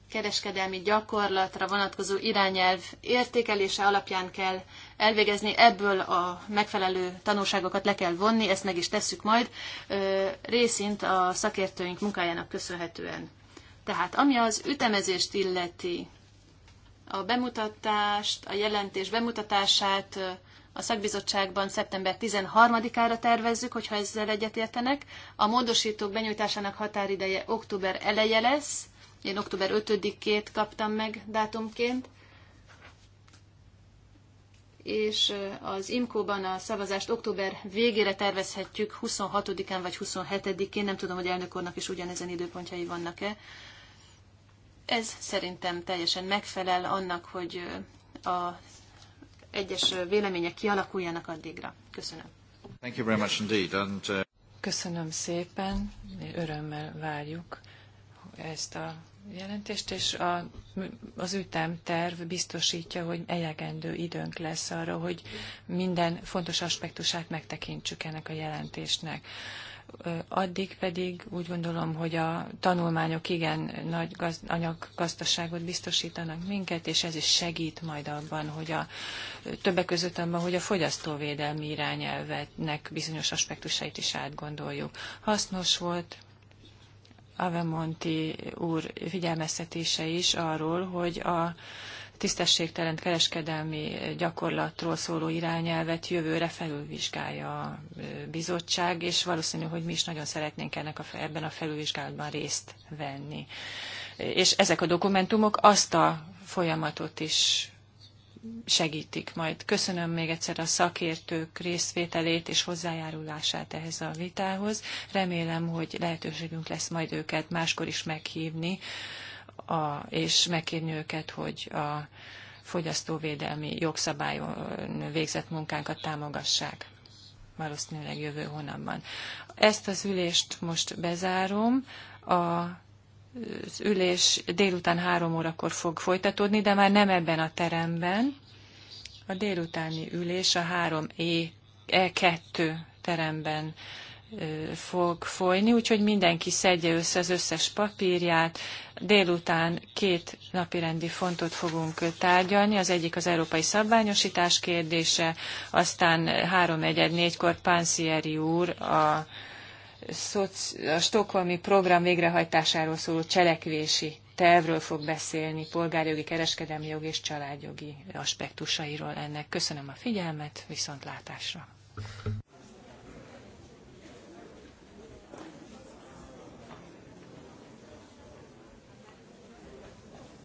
Speaker 2: kereskedelmi gyakorlatra vonatkozó irányelv értékelése alapján kell elvégezni, ebből a megfelelő tanulságokat le kell vonni, ezt meg is tesszük majd, részint a szakértőink munkájának köszönhetően. Tehát ami az ütemezést illeti, a bemutatást, a jelentés bemutatását a szakbizottságban szeptember 13-ára tervezzük, hogyha ezzel egyetértenek. A módosítók benyújtásának határideje október eleje lesz. Én október 5-ét kaptam meg dátumként. És az IMKO-ban a szavazást október végére tervezhetjük, 26-án vagy 27-én, nem tudom, hogy elnök úrnak is ugyanezen időpontjai vannak-e ez szerintem teljesen megfelel annak, hogy a egyes vélemények kialakuljanak addigra. Köszönöm.
Speaker 1: Thank you very much indeed. And, uh... Köszönöm szépen, örömmel várjuk ezt a jelentést, és a, az ütemterv biztosítja, hogy elegendő időnk lesz arra, hogy minden fontos aspektusát megtekintsük ennek a jelentésnek addig pedig úgy gondolom, hogy a tanulmányok igen nagy gaz, anyaggazdaságot biztosítanak minket, és ez is segít majd abban, hogy a többek között abban, hogy a fogyasztóvédelmi irányelvetnek bizonyos aspektusait is átgondoljuk. Hasznos volt Avemonti úr figyelmeztetése is arról, hogy a tisztességtelen kereskedelmi gyakorlatról szóló irányelvet jövőre felülvizsgálja a bizottság, és valószínű, hogy mi is nagyon szeretnénk ennek a, ebben a felülvizsgálatban részt venni. És ezek a dokumentumok azt a folyamatot is segítik majd. Köszönöm még egyszer a szakértők részvételét és hozzájárulását ehhez a vitához. Remélem, hogy lehetőségünk lesz majd őket máskor is meghívni a, és megkérni őket, hogy a fogyasztóvédelmi jogszabályon végzett munkánkat támogassák valószínűleg jövő hónapban. Ezt az ülést most bezárom. A az ülés délután három órakor fog folytatódni, de már nem ebben a teremben. A délutáni ülés a 3E2 teremben fog folyni, úgyhogy mindenki szedje össze az összes papírját. Délután két napirendi fontot fogunk tárgyalni, az egyik az európai szabványosítás kérdése, aztán 3.1.4-kor Pansieri úr a, a stokholmi program végrehajtásáról szóló cselekvési tervről fog beszélni, polgárjogi, kereskedelmi jog és családjogi aspektusairól ennek. Köszönöm a figyelmet, viszontlátásra!